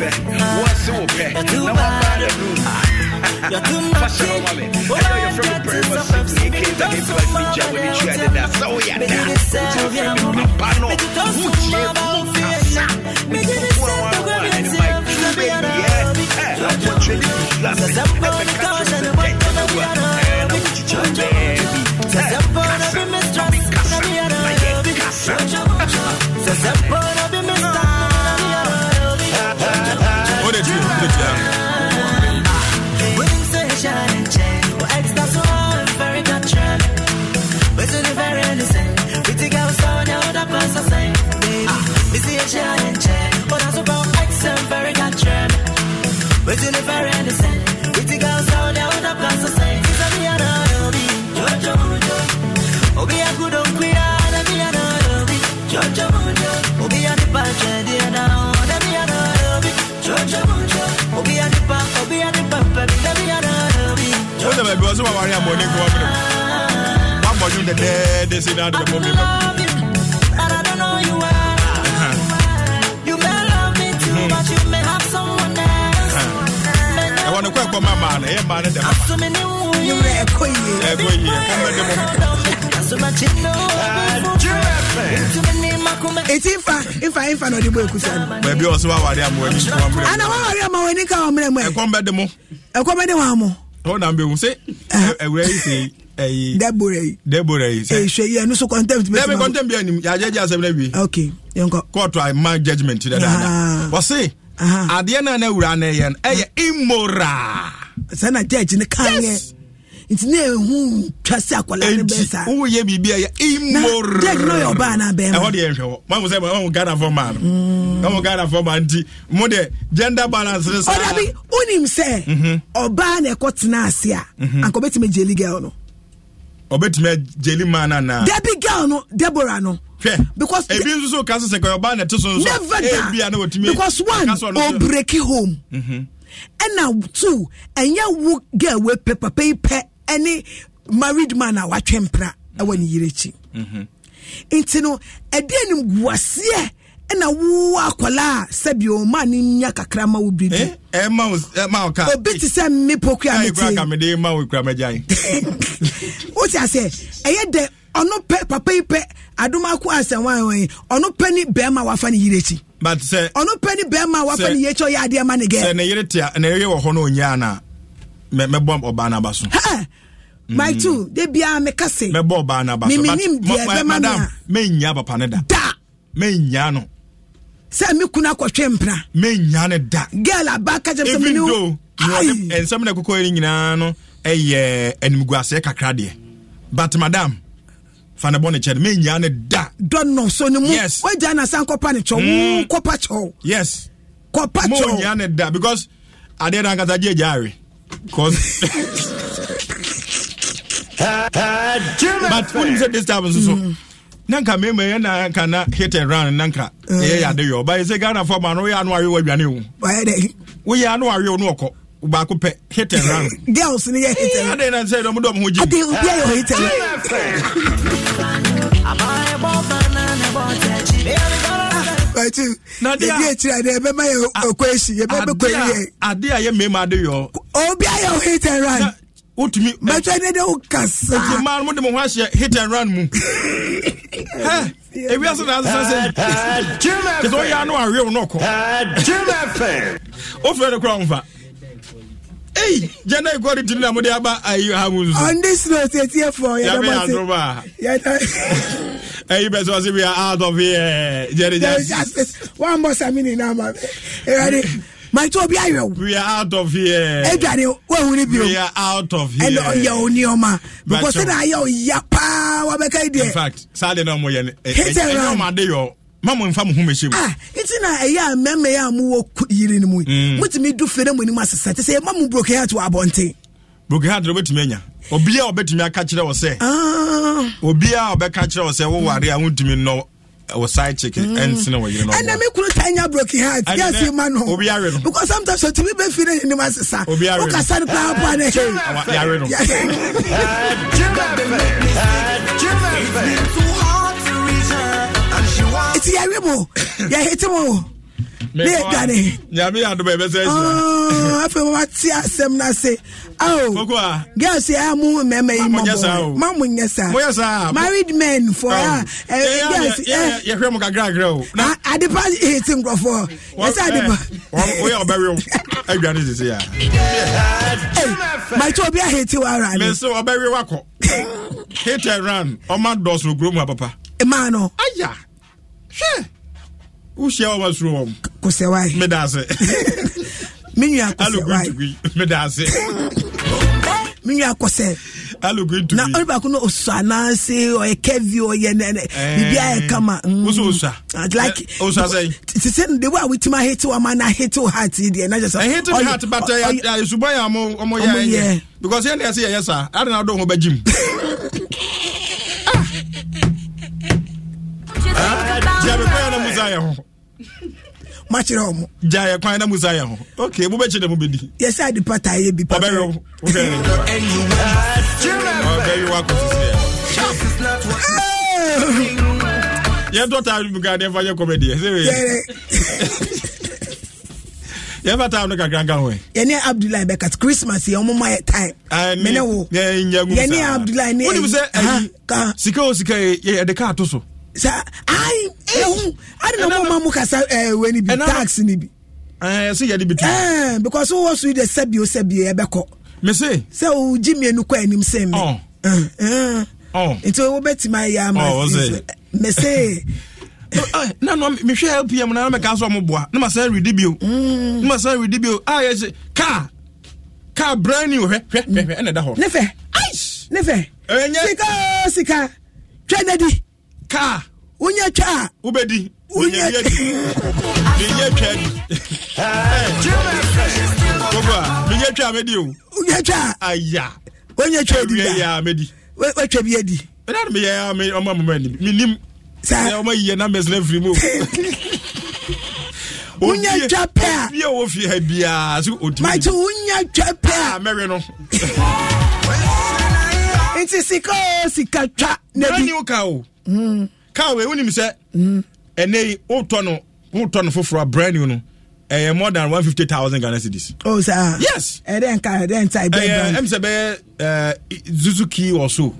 pɛ wɔse wo pɛ na wɔba ne bru fashion ɔma me ɛdɛ yɛfrɛ me very much ekenta kentaba nigya wɔ ne tua deda sɛ woyɛ da wofrɛ me papa no wotie mu kasa mekɔkoa wawa ɛne matwu bɛyɛ abɔtwɛne bilas ɛbɛka kyerɛ sɛ dɛ ɛnawa ɛna wokyikya baabi kasa na mekasa na yɛkasa Mm-hmm. Eh, ma eh, wari abɔne kɔ ɔmene wabɔdwo dɛdɛɛdɛ sɛ na ade bɛbɔ me ɛwɔ ne kɔ ɛkɔ ma maa no ɛyɛ maa no dɛ ɛkɔ yie eti nfa nfa nfa na ọdị ekusa nọ. baabi ọsọ wa awari amọ ẹni nkọ amọ ẹni. ana wa awari amọ ẹni nkọ amọ ẹni. ẹkọ mbẹ di mu. ẹkọ mbẹ di mu amọ ɔna mbɛhu sɛ ɛwura yi sɛ ɛyi debora yi debora yi sɛ ehwɛ yi ɛnu so contempt bɛ sima dɛbi contempt bi ɛnim yagye gye asɛm na bi okay yɛnkɔ court a ma judgement dadaada wɔsi ah. adeɛ naa na ewura na ɛyɛ no ɛyɛ immoral sɛ na judge ne kan yɛ nti ne ehu twa sɛ akwadaa ne bɛ sa. wo yɛ biribi a yɛ imoro. na jɛg n'o yɛ ɔbaa n'a bɛɛ ma. ɛhɔ de yɛ nhwɛ wɔ maa mo sɛ maa mo gana fɔ maa no maa mm. mo fɔ maa nti mo de gender balance de sa. ɔdabi unim sɛ. ɔbaa mhm. na ɛkɔ tena ase a. Mhm. akɔbɛ tɛmɛ jeli girl no. ɔbɛtumi jeli maa na na. debi girl no deborah no. hwɛ because ebi nso so ka sɛ kɔyɔ ɔbaa na ɛte so nso. never da because one ɔbreki home. Mhm. ɛna two ɛnyɛ wo girl wey pɛ papa yi pɛ ɛne married man a watwe mpra ɛwɔ ne yere akyi nti no ɛde animguaseɛ ɛna wo akwadaa sɛbio maa ne nya kakra ma wo biribi. ɛ ma wo ɛ ma wo ka. obi ti sɛ mi poku a mi ti. ayi kura kamide ma wo kura mɛja ɛyɛ dɛ ɔno pɛ papa yi pɛ adomako asɛnwa wɔn yi ɔno pɛ ni bɛrima wafa ni yire akyi. but sɛ. ɔno pɛ ni bɛrima wafa ni yire akyi ɔyɛ adeɛ ma ne gɛ. sɛ ne yere tia ne mɛbɔ ɔbaa n'aba so. my two mm. de biara meka se. mɛbɔ ɔbaa n'aba so miminim deɛ bɛma mi madam mɛnya papa ne da. da mɛnya no. sɛ mi kun akɔtwe mpira. mɛnya ne da. girl aba kajɛ sɛ mi ni. even though nsɛm na koko yɛ nyinaa no ɛyɛ animguaseɛ kakra deɛ but madam fanabɔ ne kyɛ no mɛnya ne da. dɔnɔ so ni mu. yes wagya na san kɔpa ne kyɛw. Mm. kɔpa kyɛw. yes kɔpa kyɛw. mɔnya ne da because adeɛ na nkata gye Cause but wonim sɛ this time nso so mm. na nka me na nka na hit and run na nka ɛyɛ mm. yɛ ade yɛ ɔba yɛ sɛ ghanafoɔ ma no woyɛ ano awe wadwane wo woyɛ ano awe no ɔkɔ baako pɛ hit and run girls ni yɛ hit and run adɛn na dɔm dɔm ho gyi ade obi hit and ah, run pàtó ebi etiri adi ebe ma yɛ okɔ esi ebe be kɔ eyi yɛ. ade a yɛ mɛma ade yɔ. obi a yɛ hit and run. o tumi. mɛtɔ ne de o kasa. eti maa mo de mo ho ahyɛ hit and run mu. (laughs) ewi ase na asese se. jim fm. kìsọ yà á nù àwíyẹ̀wò náà kọ. jim fm. o fẹ́ de kura n fa. Hey, gender equality na mo de aba ayi ha mu On this note, yɛ tiɛ fɔ yɛ dama se. Yɛ bi out of here. Jerry Justice. One more sami ni na ma. Ɛyadi. My two be I We are out of here. Everybody, where will it be? We are out of here. And your neoma. Because then I yell, yapa, what make I do? In fact, Saturday no more. Hit it around mamu nfa mu humɛ se mu. nti na ɛyɛ a mɛmɛ yɛ a mu wɔ yiri ni mu yi mu tumi du feere mu ni mu asesa te sɛ mamu broken heart wɔ abɔnten. broken heart obetumi anya obiara obetumi aka kyerɛ wɔ sɛ obiara obɛka kyerɛ wɔ sɛ woware a wontumi nnɔ wɔ side chicken ɛnsene wɔ yiri nɔwɔ ɛnna mi kuru ta nya broken heart yasi ma no obi yare no because sometimes otumi bɛ fi ne ni ma sisan obi yare no o kasa ni kura pa ne. yare no eti yɛwe mo yɛhete mo ne yɛdwane nyame adoma ɛbɛsɛ ahyia afei wɔmate asɛm no ase Oh, girls, yeah, mo meme yi mo ma mo nyɛ saa. Mo yɛ Married men for ya. Ɛɛ eh, eh, girls ɛɛ. Yɛ hwɛ mo kakra kakra o. Na ah, adepa eti nkurɔfoɔ. Yɛ sɛ eh, adepa. O yɛ ɔbɛ wiw. (laughs) Adwa ne sisi ya. Ee maa tí a heti wa ara ni. Mèsì ɔbɛ wiw akɔ. Hit and run. Ɔma dɔsoro kurom wa papa. Maa nọ. Aya. hwɛ wohyia wɔ basuro wɔm kosɛwae meda ase (laughs) menua kosɛwae meda ase (laughs) menua kosɛ na ɔni baako no osu anaase ɔyɛ kɛvi ɔyɛ nɛnɛ eh. bibi ayɛ kama. a. Mm. Ah, like ahete wa ma ahete wo heart deɛ n'ajɛ ya ya ya because yɛn de ɛsɛ yɛyɛ sa na ho na musa yɛ ho makyerɛ wɔ mo gyaeɛ kwan na musa ho ok mobɛkyi dɛ mobɛdi yɛsɛ ade pataeɛ bi ɔbɛwerɛ ɔbɛwi wakɔ yɛntɔ taa mu ka deɛfa yɛ kɔmɛdeɛ sɛ yɛmfa time no kakra nka ho yɛne abdulai bɛkat christmas yɛ ɔmoma yɛ time mene wo yɛne abdulai ne wonim sɛ sika o sika yɛde ka ato so sa ayi ehu eh, adi na mo ma mu kasa ɛɛ wɛni bi eh, tax ni bi. ɛɛ eh, so yɛ de bi tu. ɛɛ because wɔwɔ so yi de sɛbi o sɛbi yɛ bɛ kɔ. mese. sɛ o ji mienu kɔ anim ah, sɛn mi. nti o bɛ tuma yɛ ama si so mese. na nọ mehwɛ lpm na mɛka sɛ ɔmo boa na masɛ redi bio na masɛ redi bio a yɛ sɛ kaa kaa brand new hwɛ hwɛ hwɛ ɛna ɛda hɔ ne fɛ ne fɛ sika sika twɛ nadi kaa wonyɛ twa a wobɛdi wonyɛ menyɛ twa di gogo a menyɛ twa a mɛdi o wonyɛ twa a aya wonyɛ twa di da mɛdi watwa bi adi ɛna ne meyɛ ɔma moma anim menim sɛ ɔma yiyɛ na mɛsena firi mu (laughs) wonya twa pɛ a bia wɔ fie ha biaa so ɔtumi makye wonya twa pɛ a ah, mɛwe no (laughs) nti sika o sika twa na bi woka o kaa wei wonim sɛ ɛnɛ yi wotɔ no wotɔ no foforɔ a brand new no ɛyɛ more than one fifty thousand Ghana cedis. o oh, sa yes. ɛdɛ nka ɛdɛ nta ɛbɛ brand. ɛyɛ ɛmisɛ bɛyɛ Suzuki wɔ so.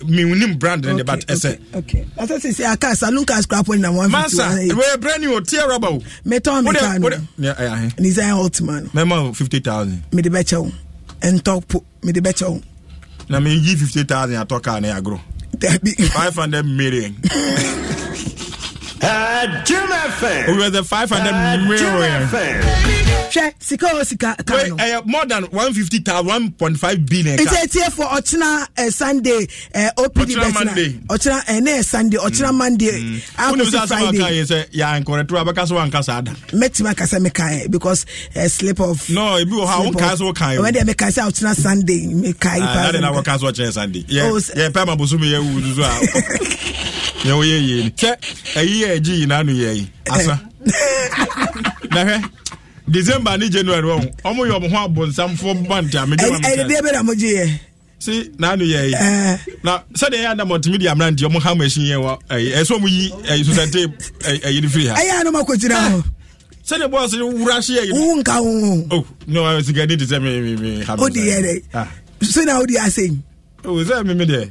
miwunim brand ne de but ɛsɛ. okay ɔsɛ sisi a car saloon car scrap na one fifty one eight. masa wɛyɛ brand new tiɛ rɔba o. mɛtɔn mi kan no nissan Altima no. mɛma o fifty thousand. mede bɛ kyɛw ntɔ po mede bɛ kyɛw. na mɛ yi fifty thousand atɔ car ne agorɔ. 500 million. (laughs) Uh, Jim FM. Over the 500 uh, million. Hwɛ sika o sika kan no. Ɛyɛ eh, more than one fifty thousand one point five billion. Nti eti efo ɔkyina ɛ Sunday ɛ eh, OPD bɛtina. Ɔkyina Monday. Ɔkyina ɛ eh, ne yɛ Sunday ɔkyina mm. Monday. Akosi mm. Friday. Wúni mi sá sọ yà nkɔrɛ tura bɛ kásán wà nkásá ada. Mɛtima kasa mi kan yɛ because ɛ slip of. No ebi wɔ ha o kan so kan yɛ. Ɔwɛ de mi kan sɛ ɔkyina Sunday mi kan yi pa. Ɛyɛ de na wɔ kan so ɔkyɛ Sunday. Yɛ yɛ pɛ ma bosu mi yɛ wu dudu a. Yɛ wɔ yɛ yie ni. Sɛ ɛyi yɛ agyi nyinaa no yɛ yi asa (laughs) na hwɛ december ne january wɔn ɔmo yɛ ɔmo ho abonsamfoɔ bante a megyina mo kɛ ɛdeɛ bɛ na mo gye yɛ si n'anu yɛ yi na sɛdeɛ ɛyɛ anam ɔtumi di amina nti ɔmo ha machine yɛ wa ɛyi ɛsɛ ɔmo yi ɛyi sosan tape ni firi ha. ɛyɛ anam akotira hɔ. sɛdeɛ bɔɔl wura si yɛ yi. wo nka wo. o oh, ne wa sika ni ti mi mi mi. o di yɛ dɛ ah. so na o di ase. o oh, sɛ mi mi dɛ.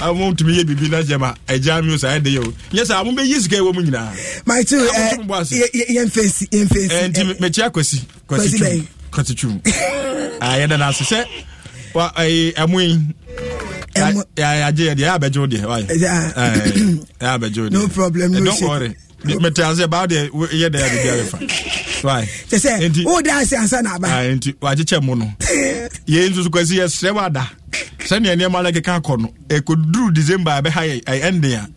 Ah, motumi yɛ biribi na gyama eh, agya mi saa ɛde eh, yɛ o nyɛ sɛ amo ah, bɛyi sika ɛwɔ mu nyinaa nti mɛkyi akwasi kwasi twum ah, eh, yɛda no ase sɛ ɛmo (laughs) yi agye yɛ deɛ ɛyɛ abɛgye wo deɛ ɛyɛ abɛgye No problem. don't worry mete ase baa deɛ yɛ deɛ yɛ deɛ yɛ kyɛ sɛ wode ase ansa na aba nti wagyekyɛ mo no (laughs) yɛi nso so kwasi yɛserɛ wada sɛnea nneɛma la keka akɔ no ɛkɔduru december a bɛha yɛ ɛnde a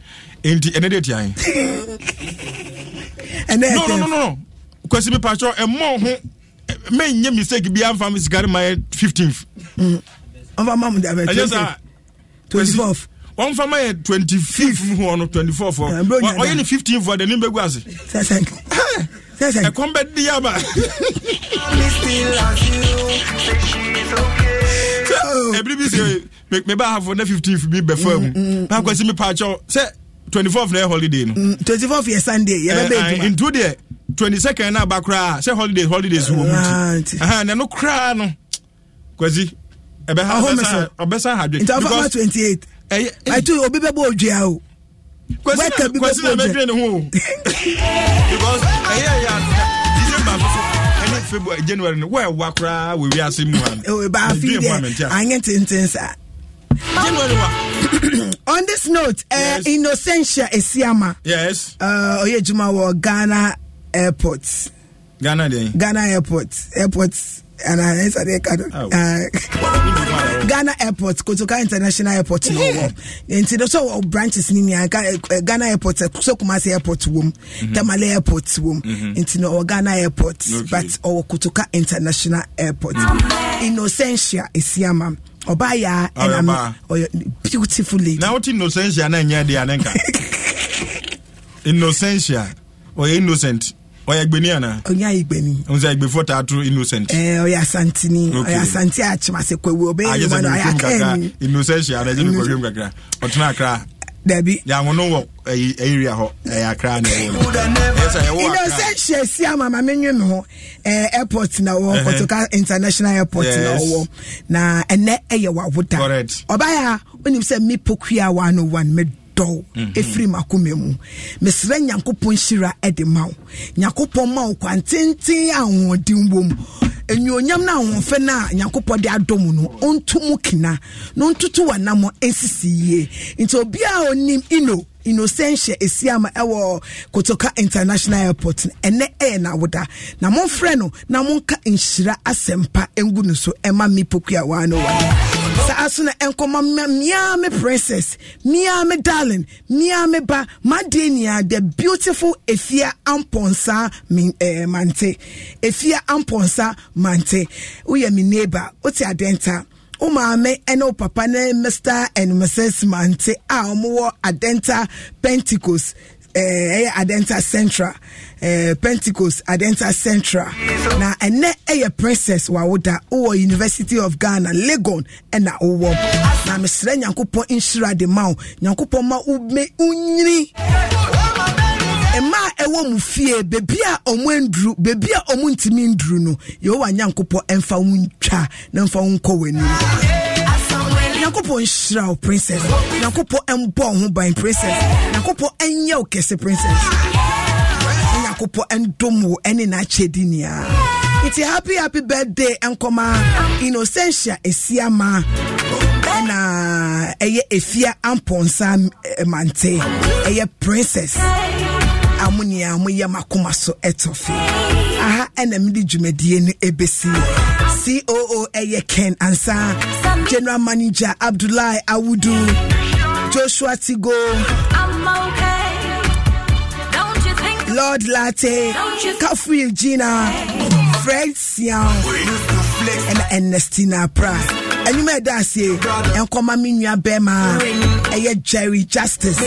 enti ɛne de tiae nononono kwasi e e, me pakyɛ ɛmmɔ ho menyɛ mistake bi amfa me sika no mayɛ 15 twenty ɛyɛ saa kwasi wɔmfa ma e yɛ 25 ho no 24 ɔyɛ ne 15 fo de ne bɛgu ase ɛkɔm bɛde yɛ aba (laughs) ebiri bi mm, mm, mm. sɛ mɛ ba hafo na fifteen bi bɛ fɔ mu na akɔsi mi paakyɛw sɛ twenty fourth na yɛ holiday no. twenty fourth yɛ sunday yɛ bɛ bɛ juma. Eh, eh, ntu deɛ twenty second na aba koraa sɛ holiday holidays wɔ mu ti na no koraa no kwasi ɛbɛsa ɔbɛsa ahadwe. nti afa ma twenty eight. ɛyɛ ɛtu obi bɛ bɔ odua o. kwasi na kwasi na mɛ dwe ne ho (laughs) because ɛyɛ yɛ february january no wọ́n wá koraa wò wí ase mu hàn. o bá fi dẹ anyi tenten sa. january wa. (clears throat) on this note uh, yes. innocentia esiama. yes. Uh, oyè juma wọ ghana airport ghana de ghana airport airport ana ɛsɛ de ka do ghana airport kotoka international airport na ɔwɔ nti do so wɔ uh, branches ni nia uh, ghana airport uh, so kumasi airport wɔm um, mm-hmm. tamale airport wɔm nti no ɔwɔ ghana airport but ɔwɔ kotoka international airport mm-hmm. innocentia esiama ɔbaa yaa ɛnam ɔyɛ oh, beautiful lady. na wotin innocentia na nyɛ di anenka (laughs) innocentia ɔyɛ innocent. ɔyɛ gbeni ana. ɔnyɛ ayigbeni. n sɛ ayigbefo ta ato innocent. ɛɛ ɔyɛ asantini ɔyɛ asanti akyemase kwewu ɔbɛ ɔyɛ akɛni. innocent yɛ anagye no kɔhwɛm kakra ɔtena akra. dabi. yanwuno wɔ ɛyi ɛyiria hɔ ɛyɛ akra na ɛwɔ innocent yɛ si ama maame na wɔ international airport na wɔ na ɛnɛ ɛyɛ onim sɛ mi pokuya one oh dɔw mhm. Efiri makoma mu mesrɛ nyankopɔn hyira ɛde ma wo nyankopɔn ma wo kwantenten ahoɔden wɔ mu ɛnuonyam no ahoɔfɛ na a nyankopɔn de adɔ mu no ɔnto mu kina na ɔntoto wanam ɛnsisi yie nti obiaa onim ino innocentia esiama ɛwɔ kotoka international airport ɛnɛ ɛyɛ n'awoda na momfrɛ no na m'o monka nhyira asɛmpa ngu no so ɛma mi pokua 101 Sa so na nkɔma mia me princess mia me darling mia me ba madenia the beautiful efia amponsa mi eh, mante efia amponsa mante woyɛ mi neighbor wote adɛnta wo maame ne wo papa ne mr and mrs mante a wɔwɔ adenta pentecost Eh, ɛyɛ adenta central eh, pentecost adenta central na ɛnɛ ɛyɛ princess wawoda wowɔ university of ghana legon ɛna wowɔ na mesrɛ nyankopɔn nhyira de ma wo nyankopɔn ma wonyini mmaa ɛwɔ mu fie beebi a wɔn nduru beebi a wɔn ntumi nduru no yehowa nyankopɔ mfa wɔn ntwa na mfa wɔn nkɔ wɔn anim. nyankopɔn nhyira wo princess nyankopɔn mbɔ ho ban princess nyankopɔn ɛnyɛ wo kɛse princess nyankopɔn ɛndom wo ɛne n'akyɛdi nyinaa nti happy happy birthday nkɔma innocentia esiama ɛna ɛyɛ efia ampɔnsa eh, mante ɛyɛ princess a mo nyinaa mo so ɛtɔ aha ɛna mede dwumadie no ɛbɛsi coo ɛyɛ ken ansa general manager abdullahi awudu joshua tigo lord latte kafri gina fred sian and ernestina pride anim ɛda aseɛ ɛnkɔma me nua bɛrima ɛyɛ jerry justice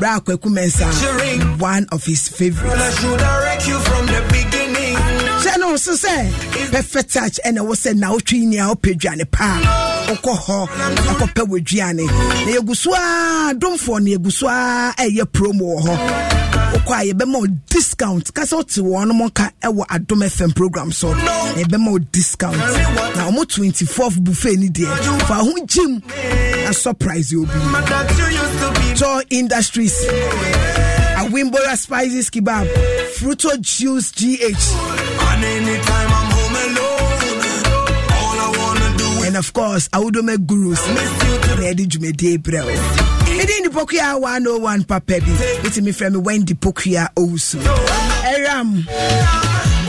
bra akwaku mensa one of his favorites hyɛ no so sɛ perfect touch ɛna ɛwɔ sɛ nawotwe ni a wopɛ dwane paa wokɔ hɔ akɔpɛ wɔ aduane na yɛgu so a domfoɔ na yɛgu so a ɛyɛ promo wɔ hɔ wokɔ a yɛbɛma o discount kasɛ wote wɔn nom nka ɛwɔ adom fm program so na yɛbɛma o discount na ɔmo 24th buffet ni deɛ fa ho gyim na surprise yɛ obi joy industries awimbora spices kebab fruto juice gh and of course do awodome gurus ready to dwumadie day bro. Wendy Pokua 101 Papa bi wotumi frɛ me Wendy Pokua also. Aram,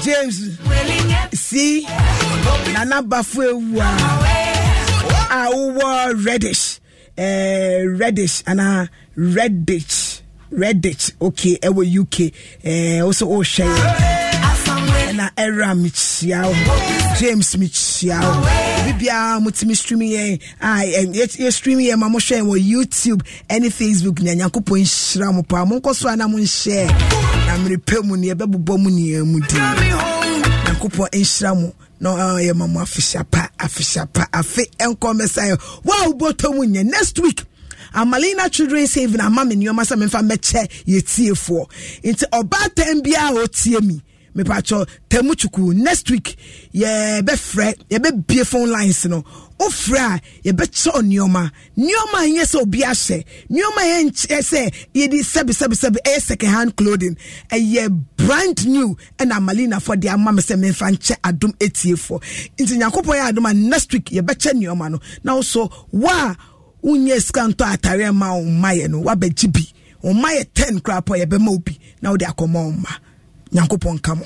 James C Nana Bafuewa a reddish, reddish eh, reddish anaa reddish reddish okay ɛwɔ UK eh, also ɔhwɛ oh, ɛna ɛra mekyia wo james mekyia wo biribiaa motumi stream yɛn yɛ yɛn ma mohwɛ wɔ youtube ɛne facebook nea nyankopɔn nhyira mo paa monkɔ so a na monhyɛ na mmerepɛ mu ne yɛbɛbobɔ mu nea mu din nyankopɔn nhyira mo na ɔyɛ ma mo afehyapa afehyapa afe ɛnkɔ mɛsa yɛ mu nyɛ next week amalina children saving ama nneɛma sɛ memfa mɛkyɛ yɛtiefoɔ nti ɔbaatan biara a ɔtie mi mepatwɔ tɛmu chuku next week yɛbɛfrɛ yɛbɛbie phone lines no wofrɛ a yɛbɛkyɛw nneɔma nneɔma a ɛnyɛ sɛ obi ahyɛ nneɔma a yɛnkyɛ sɛ yɛde sɛbesɛbesɛbe ɛyɛ second hand clothing ɛyɛ brand new ɛna amalinafoɔ de ama me sɛ memfa nkyɛ adom ɛtiefoɔ nti nyankopɔn yɛ adom a next week yɛbɛkyɛ nneɔma no na wo wa wo a wonyɛ sika ntɔ atareɛ ma wo mmayɛ no woabɛgye bi wo mmayɛ 10 koraa pɔ yɛbɛma wo bi na wode akɔma wo mma nyankopɔn ka mo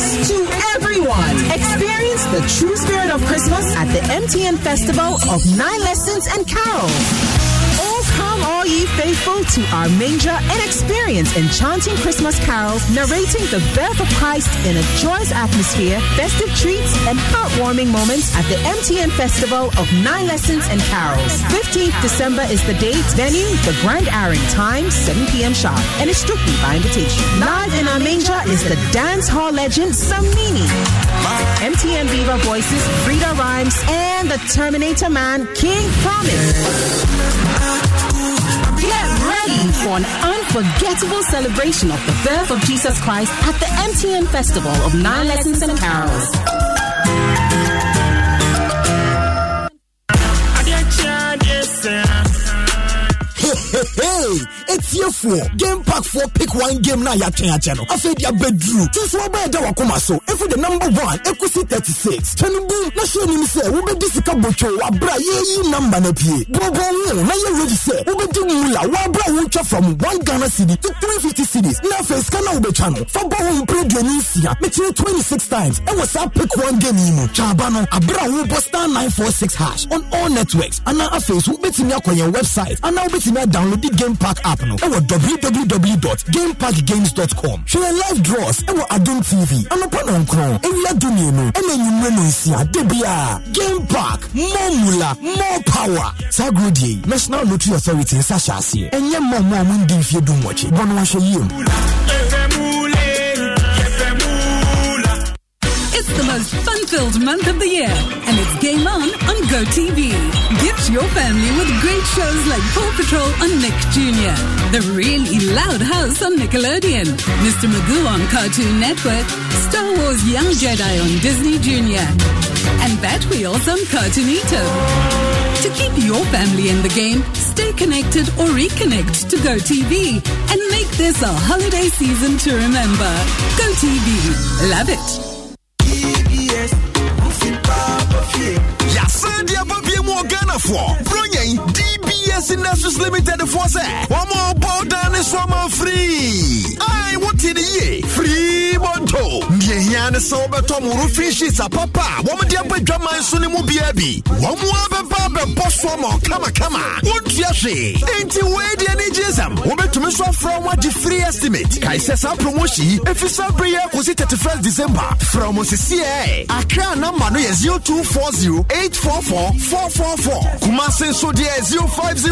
to everyone. Experience the true spirit of Christmas at the MTN Festival of Nine Lessons and Carols all ye faithful to our manger and experience enchanting Christmas carols narrating the birth of Christ in a joyous atmosphere, festive treats, and heartwarming moments at the MTN Festival of Nine Lessons and Carols. 15th December is the date, venue, the Grand Aaron, time 7 p.m. sharp, and it's strictly by invitation. Live in our manger is the dance hall legend Samini, MTN Viva Voices, Frida Rhymes, and the Terminator Man, King Promise in for an unforgettable celebration of the birth of Jesus Christ at the MTN Festival of Nine Lessons and Carols. away etiefoɔ game park for pick one game na yɛatwɛn akyɛ no afei de abɛduru tuntum ɔbɛyɛ da wakoma so efi the number one ekusi thirty six twɛn bu na se. nim sɛ wobɛdi sika wa wabra yɛyi number na pie bɔbɔ wo na yɛ ready sɛ wobɛdi mula wabra wotwa from one ghana City to three fifty cedis na afei sika na wobɛtwa no fa bɔ wo mpere duoni nsia mekyerɛ twenty six times ɛwɔ e saa pick one game yi mu twaaba no abra wo bɔ star nine four six hash on all networks ana afei so wobɛtumi akɔ yɛn website ana download the game park app no ɛwɔ www.gameparkgames.com hwɛ live draws ɛwɔ adom tv anapa nankron ewia dumie no ɛna enyimire no nsia debia game park more mula more power Sa agorɔ national lottery authority Sa hyɛ aseɛ ɛnyɛ mmaa mmaa mu ndi mfie dum wɔkye bɔ no wahyɛ the most fun-filled month of the year, and it's game on on GoTV. Gift your family with great shows like Paw Patrol on Nick Jr., The Really Loud House on Nickelodeon, Mr. Magoo on Cartoon Network, Star Wars Young Jedi on Disney Jr., and Batwheels on Cartoonito. To keep your family in the game, stay connected or reconnect to GoTV and make this a holiday season to remember. GoTV, love it. four. Bronye Defense Industries Limited for say, one more bow down is one more free. I want in the year free Monto. Yehiane Sober Tom Rufishis, a papa, woman dear by Jaman Sunimu Biabi, one more barber Boss more Woman, Kama Kama, what say? ain't you where the energism? Woman to Miss from what the free estimate. Kaisa Promoshi, if you celebrate Kusi 31st December from CCA, Accra number no 0240 844 444. Kumasi Sodia 050.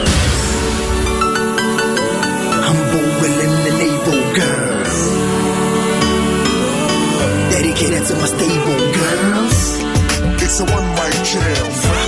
Get into my stable, girls. It's a one-night jam.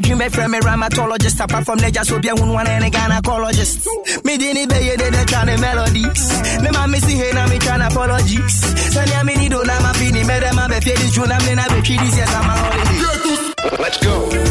dream dream a from a rheumatologist. Apart from nature, so be a one and a gynecologist. Me didn't be a dead trying melodies. Me ma missing here, now me trying apologies. Sunny, I mean, you don't have a me Madam, I'm a feeling. June, I'm in a bit. Yes, I'm a holiday. Let's go.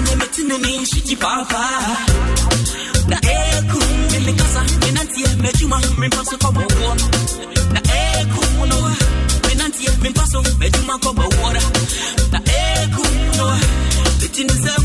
nimemetimeneishi kipapa na eku eh, nimekasa menantie mejuma mempaso kwa bowora na eh, na eh,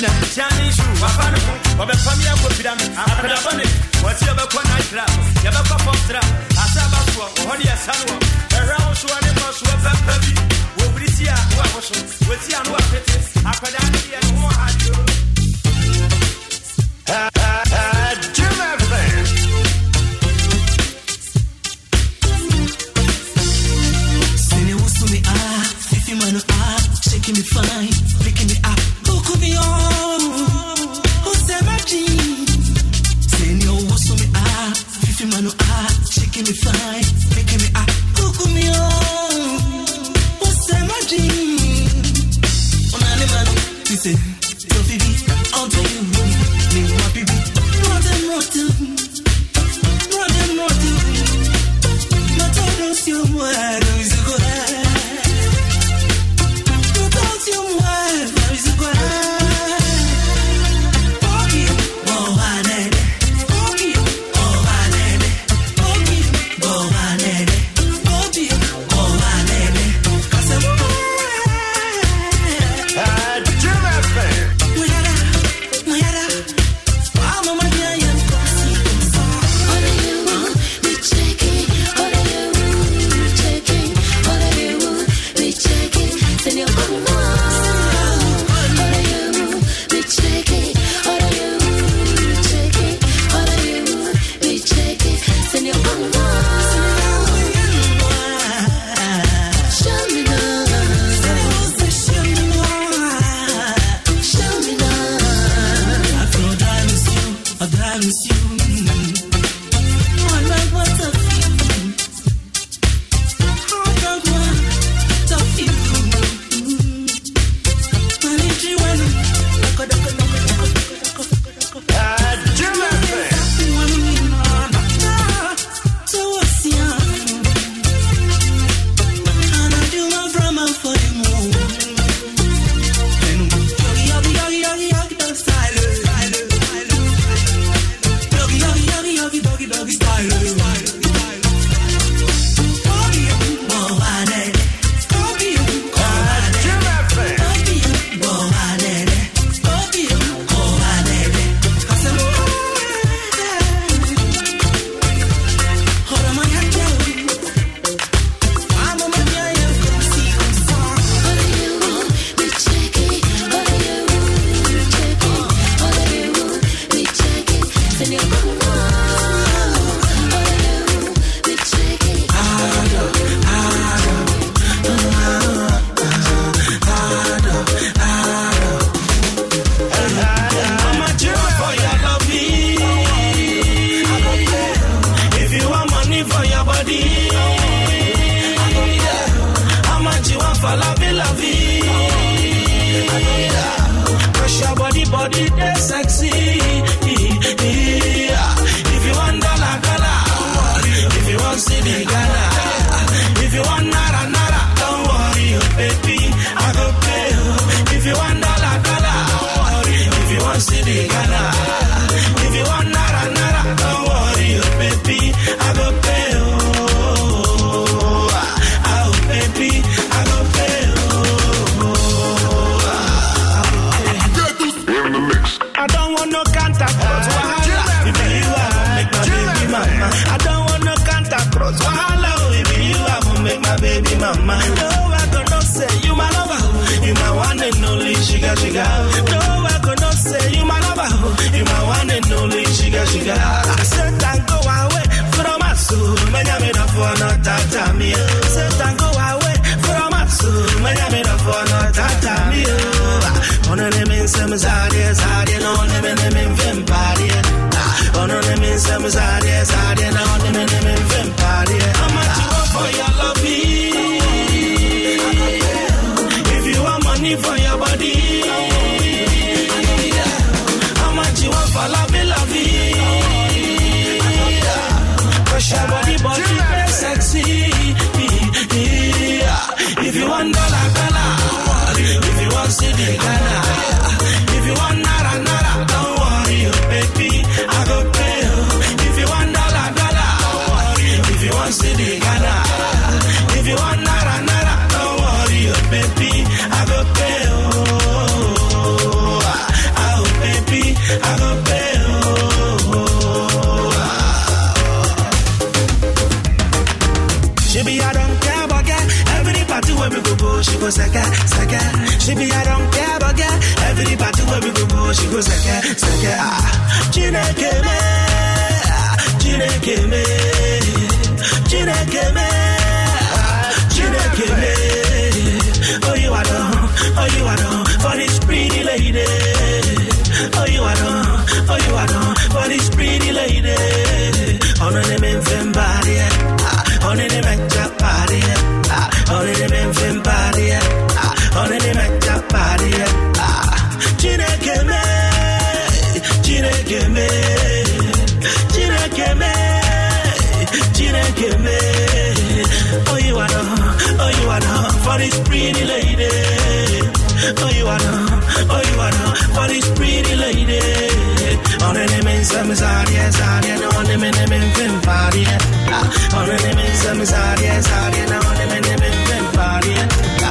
na kyane nsu wafa ne ho ɔbɛfa me akɔpira me akadabɔ ne wɔte yɛbɛkɔ nakra yɛbɛkɔ fɔtra asɛ abasoɔ ɔhɔ ne yɛsa no wɔ ɛhwɛ wo soɔ ne mmɔ soɔ pɛpɛ bi wɔbiri ti a wo a wo so wɔti a no wapete akwadaa love, my love, I cannot say you my lover. You my one and only sugar, sugar. No, I cannot say you my lover. You my one and only sugar, sugar. I said and go away from my soul. Many I'm in a for not that me. Said and go away from my soul. Many I'm in a for not that me. One of them in some sadie, sadie, no, them in them in vampire. One of them in some sadie, sadie, no, them in chukwu seke seke a chineke me chineke me ah, chineke me chineke me oyiwadọ oyiwadọ for this pretty lady Oh oh you oyiwadọ oyiwadọ for this pretty lady ọ̀nà ni mi fẹ́ n bari ẹ̀ ọ̀nà ni mi jẹ́ pari ẹ̀ ọ̀nà ni for this pretty lady. Oh, you are not, oh, you are not, for this pretty lady. On an immense Amazaria, Zaria, on an immense Varia. On an immense Amazaria, Zaria, on an immense party. Ah,